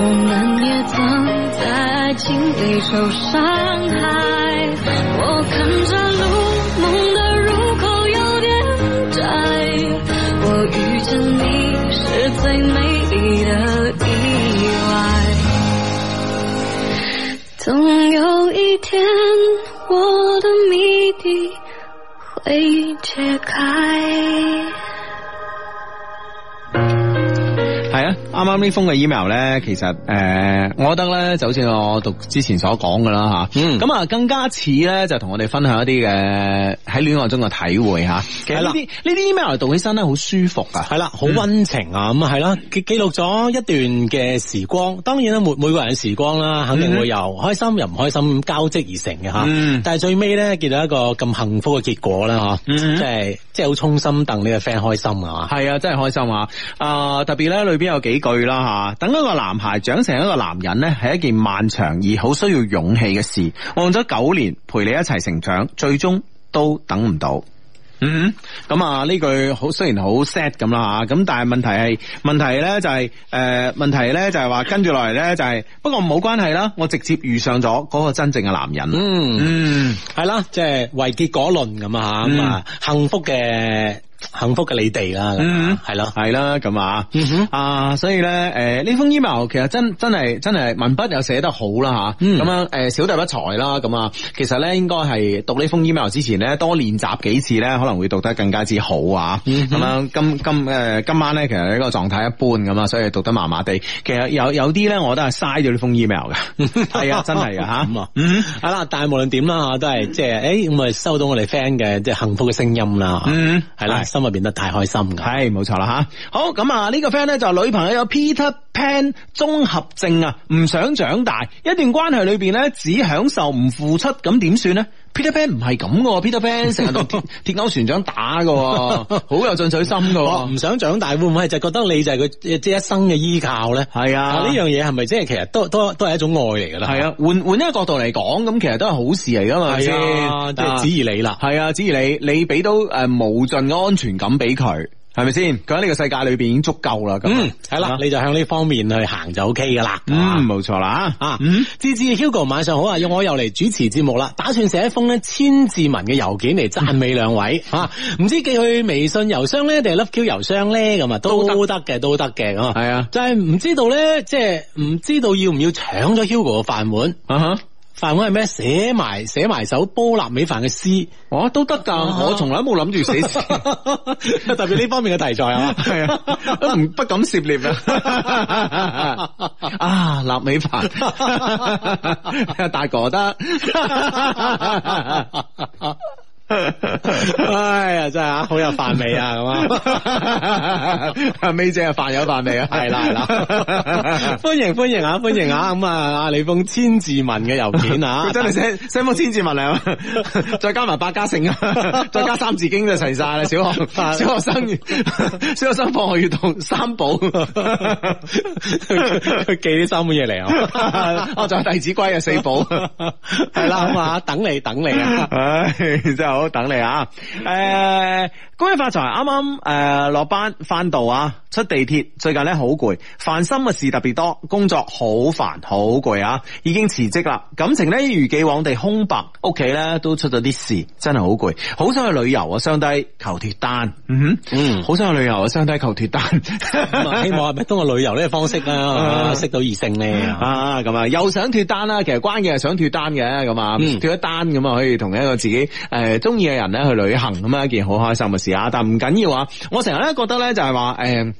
我們也曾在愛情裏受傷害。這封呢封嘅 email 咧，其實誒、呃，我覺得咧，就好似我讀之前所講嘅啦吓，咁、嗯、啊，更加似咧就同我哋分享一啲嘅喺戀愛中嘅體會吓。其實呢啲呢啲 email 讀起身咧好舒服啊，係啦，好溫情啊，咁啊係啦，記記錄咗一段嘅時光。當然咧，每每個人嘅時光啦，肯定會有開心又唔開心咁交織而成嘅吓、嗯。但係最尾咧見到一個咁幸福嘅結果啦吓，即係即係好衷心戥呢個 friend 開心啊嘛。係、嗯、啊，真係開心啊！啊、呃，特別咧裏邊有幾句啦。等一個男孩長成一個男人咧，係一件漫長而好需要勇氣嘅事。我用咗九年陪你一齊成長，最終都等唔到。嗯，咁啊呢句好雖然好 sad 咁啦吓，咁但係問題係問題咧就係、是、誒、呃、問題咧就係話跟住落嚟咧就係、是、不過冇關係啦，我直接遇上咗嗰個真正嘅男人。嗯嗯，係啦，即係為結果論咁啊吓，咁、嗯、啊幸福嘅。幸福嘅你哋啦，係、嗯、咯，係啦，咁啊、嗯，啊，所以咧，誒、呃，呢封 email 其實真真係真係文筆又寫得好啦，吓、嗯，咁樣誒，小弟不才啦，咁啊，其實咧應該係讀呢封 email 之前咧，多練習幾次咧，可能會讀得更加之好、嗯、啊，咁樣今今誒、呃、今晚咧，其實呢個狀態一般咁啊，所以讀得麻麻地，其實有有啲咧、e，我都係嘥咗呢封 email 嘅，係啊，真係啊。吓、嗯，啊、嗯，好、嗯、啦，但係無論點啦吓，都係即係，誒、哎，咁啊收到我哋 friend 嘅即係幸福嘅聲音啦，係、嗯、啦。是心入變得太開心嘅，係冇錯啦吓。好，咁啊，呢個 friend 咧就係女朋友有 Peter Pan 綜合症啊，唔想長大。一段關係裏邊咧只享受唔付出，咁點算咧？Peter Pan 唔係咁嘅，Peter Pan 成日同鐵鈎船長打嘅，好 [laughs] 有進取心嘅，唔想長大，會唔會就覺得你就係佢即一生嘅依靠咧？係啊，呢樣嘢係咪即係其實都都都係一種愛嚟嘅咧？係啊，換換一個角度嚟講，咁其實都係好事嚟噶嘛？係啊，即係指意你啦，係啊，指意你，你俾到誒無盡嘅安全感俾佢。係咪先？佢喺呢個世界裏邊已經足夠啦。咁係啦，你就向呢方面去行就 O K 噶啦。嗯，冇錯啦。啊啊，志、嗯、志 Hugo 晚上好啊，用我又嚟主持節目啦。打算寫一封咧千字文嘅郵件嚟讚美兩位吓，唔、嗯啊、知道寄去微信郵箱咧，定 love Q 郵箱咧？咁啊都都得嘅，都得嘅。係啊，就係、是、唔知道咧，即係唔知道要唔要搶咗 Hugo 嘅飯碗啊？啊飯碗係咩？寫埋寫埋首煲臘味飯嘅詩，我、哦、都得噶。我從來都冇諗住寫詩，特別呢方面嘅題材啊，係啊，都唔、 [laughs] [laughs] 啊、不敢涉獵 [laughs] 啊。啊，臘味飯，大哥得德。 [laughs] [laughs] 哎呀，真係啊，好 [laughs] 有範味啊，咁 [laughs] 啊，阿美姐啊，範有範味啊，係啦係啦，歡迎歡迎啊，歡迎啊，咁啊，阿李峰千字文嘅郵件啊， [laughs] 真係寫寫封千字文嚟啊，再加埋百家姓，再加三字經就齊晒啦，小學小學，小學生，小學生放學要讀三寶，寄 [laughs] 啲三本嘢嚟啊，我仲有《弟子規》啊，四寶，係啦，咁啊，等你等你啊， [laughs] 哎好，等你啊！誒、嗯。哎嗯哎恭喜發財！啱啱，誒落班返到啊，出地鐵最近咧好攰，煩心嘅事特別多，工作好煩好攰啊！已經辭職啦，感情咧一如既往地空白。屋企咧都出咗啲事，真係好攰，好想去旅遊啊！雙低求脫單，嗯哼，嗯，好想去旅遊啊！雙低求脫單，希望係咪通過旅遊呢個方式 [laughs] 啊，識到異性咧啊咁啊，啊，啊，啊，啊，啊，啊，又想脫單啦！其實關鍵係想脫單嘅咁啊，脫、嗯、一單咁啊可以同一個自己誒中意嘅人咧去旅行咁啊一件好開心嘅事。啊！但唔緊要啊！我成日咧覺得咧就係話誒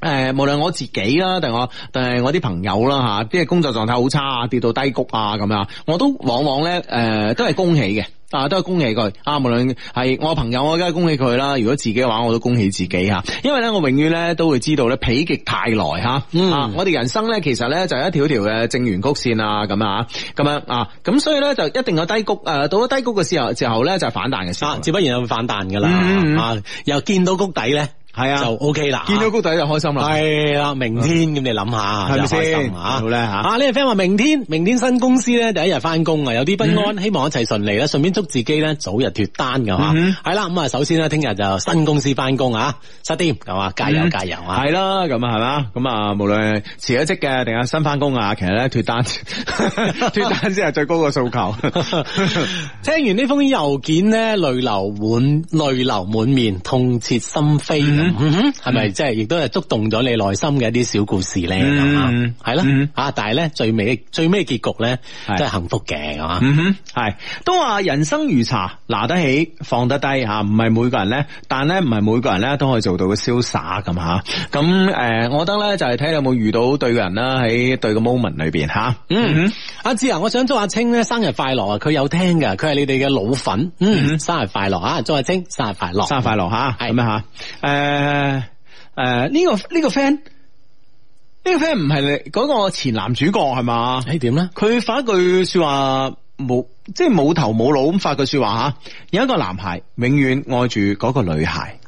誒無論我自己啦，定我定係我啲朋友啦吓，即係工作狀態好差啊，跌到低谷啊咁樣，我都往往咧誒都係恭喜嘅。啊，都係恭喜佢啊！無論係我朋友，我梗係恭喜佢啦。如果自己嘅話，我都恭喜自己吓、啊。因為咧，我永遠咧都會知道咧，否極泰來吓。啊，嗯、啊我哋人生咧，其實咧就是、一條條嘅正弦曲線啊，咁啊，咁樣啊。咁所以咧，就一定有低谷。誒、啊，到咗低谷嘅時候，之後咧就是、反彈嘅、啊，自不然又會反彈噶啦。嗯、啊，又見到谷底咧。係啊，就 OK 啦，見到谷底就開心啦，係啦、啊，明天咁、嗯、你諗下，係咪先好咧吓？啊呢個 friend 話，啊、明天，明天新公司咧，第一日翻工啊，有啲不安、嗯，希望一切順利啦，順便祝自己咧早日脫單嘅嘛。係、嗯、啦，咁啊，首先呢，聽日就新公司翻工、嗯、啊，失電係嘛，加油、嗯、加油啊！係啦、啊，咁啊係嘛，咁啊，無論辭咗職嘅定啊新翻工啊，其實咧脫單脫 [laughs] [laughs] 單先係最高嘅訴求。 [laughs] 聽完封郵呢封郵件咧，淚流滿淚流滿面，痛徹心扉。 [laughs] 嗯哼，係咪即係亦都係觸動咗你內心嘅一啲小故事咧？係、嗯、啦，啊、嗯，但係咧最尾最尾結局咧，即係幸福嘅，係、嗯、哼，係、嗯、都話人生如茶，拿得起放得低吓，唔係每個人咧，但咧唔係每個人咧都可以做到嘅瀟灑噶嘛？咁誒、呃，我覺得咧就係睇下有冇遇到對嘅人啦，喺對嘅 moment 裏邊吓。嗯哼，阿、嗯、志啊，啊，我想祝阿青咧生日快樂啊，佢有聽噶，佢係你哋嘅老粉。嗯生日快樂啊，祝阿青生日快樂，生日快樂吓，係咁樣吓，誒。誒誒，呢個呢個 friend，呢個 friend 唔係你個前男主角係嘛？誒點咧？佢發一句說話，冇即係冇頭冇腦咁發句說話吓。有一個男孩永遠愛住個女孩。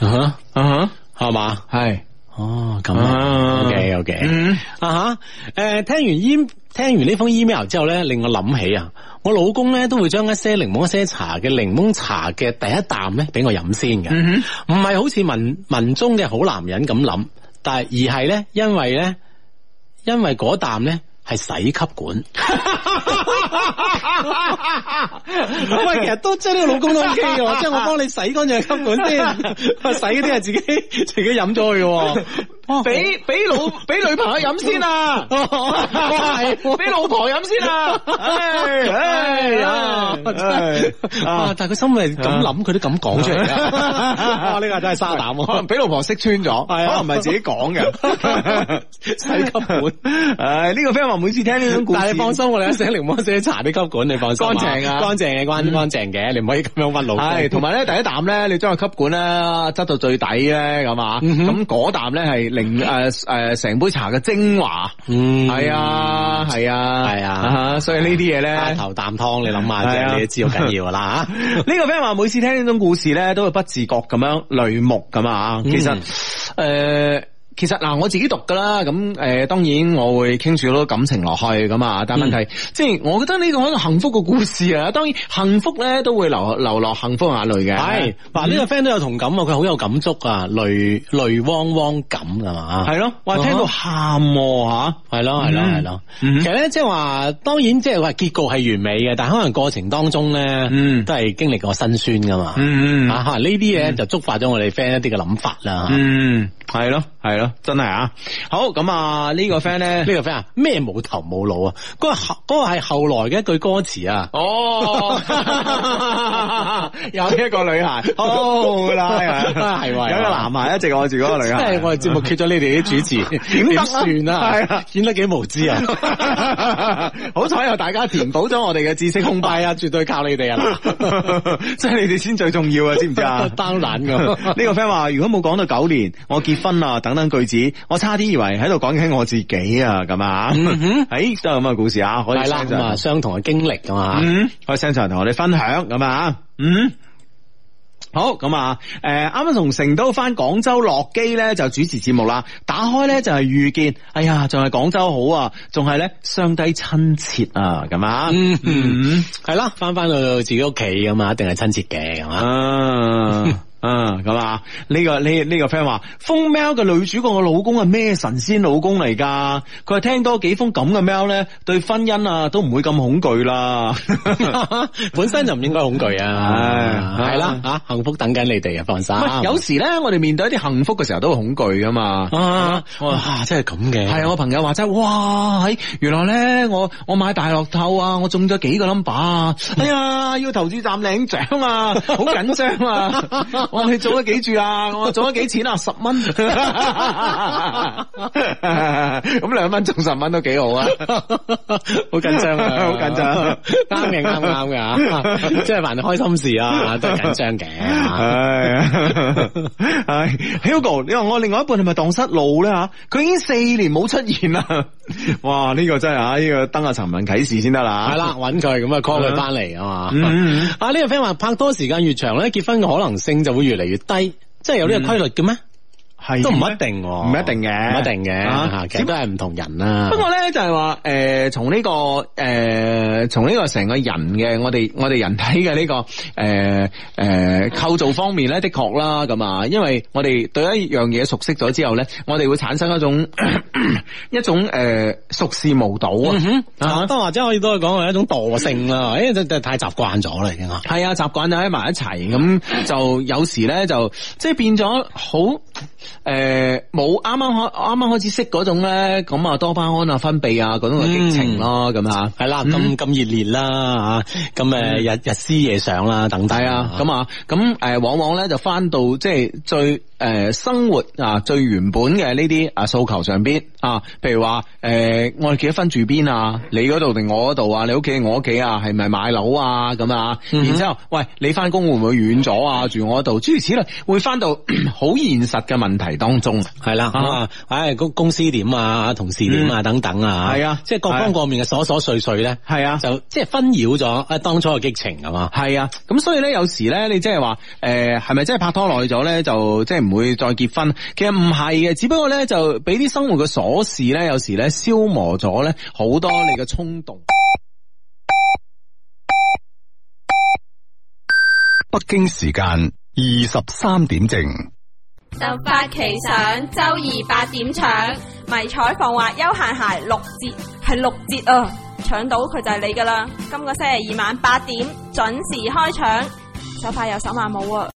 嗯哼嗯哼，係嘛？係。哦，咁啊，OK OK，、嗯、啊吓，誒、呃，聽完 email，聽完呢封 email 之後咧，令我諗起啊，我老公咧都會將一些檸檬一些茶嘅檸檬茶嘅第一啖咧俾我飲先嘅，唔、嗯、係、嗯、好似文文中嘅好男人咁諗，但係而係咧因為咧，因為嗰啖咧。係洗吸管， [laughs] 喂，其實都即係呢個老公都 OK 嘅，即 [laughs] 係我幫你洗嗰隻吸管先，洗嗰啲係自己 [laughs] 自己飲咗去喎。 [laughs] 俾、哦、俾老俾 [laughs] 女朋友飲先喝啊，係 [laughs] 俾老婆飲先啊， [laughs] 哎哎哎哎哎哎哎哎、但係佢心裏係咁諗，佢都咁講出嚟啊！呢、這個真係沙膽，俾老婆識穿咗， [laughs] 可能唔係自己講嘅洗吸管。誒， [laughs] 呢、 [laughs] 哎這個 friend 話每次聽呢種故事，但你放心，我哋一成檸檬水搽啲吸管，你放心，乾淨啊，乾淨嘅，乾乾淨嘅，你唔可以咁樣屈老。同埋咧第一啖咧，你將個吸管咧執到最底咧，咁啊，咁嗰啖咧係。零誒誒成杯茶嘅精華，嗯，係啊，係啊，係啊，所以這些東西，呢啲嘢咧，頭啖湯，你諗下啫，你都知好緊要㗎啦吓，呢個 friend 話每次聽呢種故事咧，都會不自覺咁樣淚目咁啊。其實誒。嗯呃其實嗱，我自己讀噶啦，咁誒，當然我會傾住好多感情落去噶嘛，但係問題，即、嗯、係我覺得呢個係幸福嘅故事啊，當然幸福咧都會流流落幸福眼淚嘅。係，嗱、嗯、呢個 friend 都有同感，有感,汪汪感啊，佢好有感觸啊，淚淚汪汪咁噶嘛。係咯，話聽到喊吓，係咯係咯係咯。其實咧，即係話，當然即係話結局係完美嘅，但係可能過程當中咧，嗯、都係經歷過辛酸噶嘛。吓呢啲嘢就觸發咗我哋 friend 一啲嘅諗法啦。嗯、啊，係咯。嗯係咯，真係啊！好咁、嗯這個這個、啊，呢個 friend 咧，呢個 friend 啊，咩無頭無腦啊？嗰、那個嗰、那個係後來嘅一句歌詞啊！哦， [laughs] [laughs] 有呢一個女孩，好 [laughs] 啦、哦，係 [laughs] 咪？有一個男孩一直愛住嗰個女孩，即係我哋節目缺咗你哋啲主持，點得算啊？係啊，顯得幾無知啊！ [laughs] [laughs] 好彩有大家填補咗我哋嘅知識空白啊！ [laughs] 絕對靠你哋啊！即 [laughs] 係你哋先最重要啊！ [laughs] 知唔知啊？擔攬咁，呢個 friend 話：如果冇講到九年，我結婚啊等。講兩句字，我差啲以為喺度講緊我自己啊，咁啊，咁、嗯哎，都係咁嘅故事啊，可以相同嘅經歷啊嘛，可以聽場同我哋分享咁啊，嗯，好，咁啊，誒，啱啱從成都翻廣州落機咧，就主持節目啦，打開咧就係遇見，哎呀，仲係廣州好啊，仲係咧相低親切啊，咁啊，嗯嗯，係啦，翻翻去到自己屋企咁嘛，一定係親切嘅，咁啊。 [laughs] 啊，咁、這、啊、個！呢、這個呢呢個 friend 話，封 mail 嘅女主角嘅老公係咩神仙老公嚟噶？佢話聽多幾封咁嘅 mail 咧，對婚姻啊都唔會咁恐懼啦。 [laughs] [laughs] 本身就唔應該恐懼啊、哎、啊！係啦，吓、啊、幸福等緊你哋啊！放心。有時咧，我哋面對一啲幸福嘅時候都會恐懼噶嘛。我話，哇真係咁嘅。係我朋友話齋，哇，哎、原來咧，我我買大樂透啊，我中咗幾個 number 啊， [laughs] 哎呀，要投注站領獎啊，好緊張啊！ [laughs] 你做咗幾注啊！我做咗幾錢啊？十蚊，啊，咁兩蚊中十蚊都幾好啊！好緊張啊！好緊張，啱嘅啱啱嘅吓，即係辦開心事啊，都緊張嘅。係，係，Hugo，你話我另外一半係咪蕩失路咧吓？佢已經四年冇出現啦。 [laughs] 哇，呢、這個真係、這個、啊！呢個登下尋問啟事先得啦。係啦，搵佢，咁啊 call 佢翻嚟啊嘛。啊，呢、這個 friend 話拍拖時間越長咧，結婚嘅可能性就會。越嚟越低，真係有呢個規律嘅咩？嗯係都唔一定，唔一定嘅，唔一定嘅其實都係唔同人啦。不過咧就係話，誒、呃，從呢、這個，誒、呃，從呢個成個人嘅，我哋我哋人體嘅呢、這個，誒、呃、誒，構造方面咧，的確啦，咁啊，因為我哋對一樣嘢熟悉咗之後咧，我哋會產生一種咳咳一種誒、呃、熟視無睹啊，啊、嗯，或者可以都係講係一種惰性啦，誒，即係太習慣咗啦已經。係啊，習慣咗喺埋一齊，咁就有時咧就即係變咗好。誒、呃，冇啱啱開啱啱開始識嗰種咧，咁啊多巴胺啊分泌啊嗰種嘅激情咯，咁啊係啦，咁咁、嗯、熱烈啦、啊，咁、嗯、誒日日思夜想啦、啊，等等啊，咁啊咁誒、啊，往往咧就翻到即係、就是、最誒、呃、生活啊最原本嘅呢啲啊訴求上邊啊，譬如話誒、呃、我哋幾多分住邊啊，你嗰度定我嗰度啊，你屋企定我屋企啊，係咪買樓啊咁啊，嗯、然之後喂你翻工會唔會遠咗啊，住我嗰度諸如此類，會翻到好現實。嘅問題當中係啦，啊，唉、啊啊、公司點啊，同事點啊、嗯，等等啊，係啊，即係各方各面嘅瑣瑣碎碎咧，係啊，就即係紛擾咗，當、就是、當初嘅激情啊嘛，係啊，咁所以咧，有時咧，你即係話，誒，係咪真係拍拖耐咗咧，就即係唔會再結婚？其實唔係嘅，只不過咧就俾啲生活嘅瑣事咧，有時咧消磨咗咧好多你嘅衝動。北京時間二十三點正。就發期上，周二八點搶，迷彩防滑休閒鞋六折，係六折啊！搶到佢就係你㗎喇！今個星期二晚八點準時開搶，手快有手慢冇啊！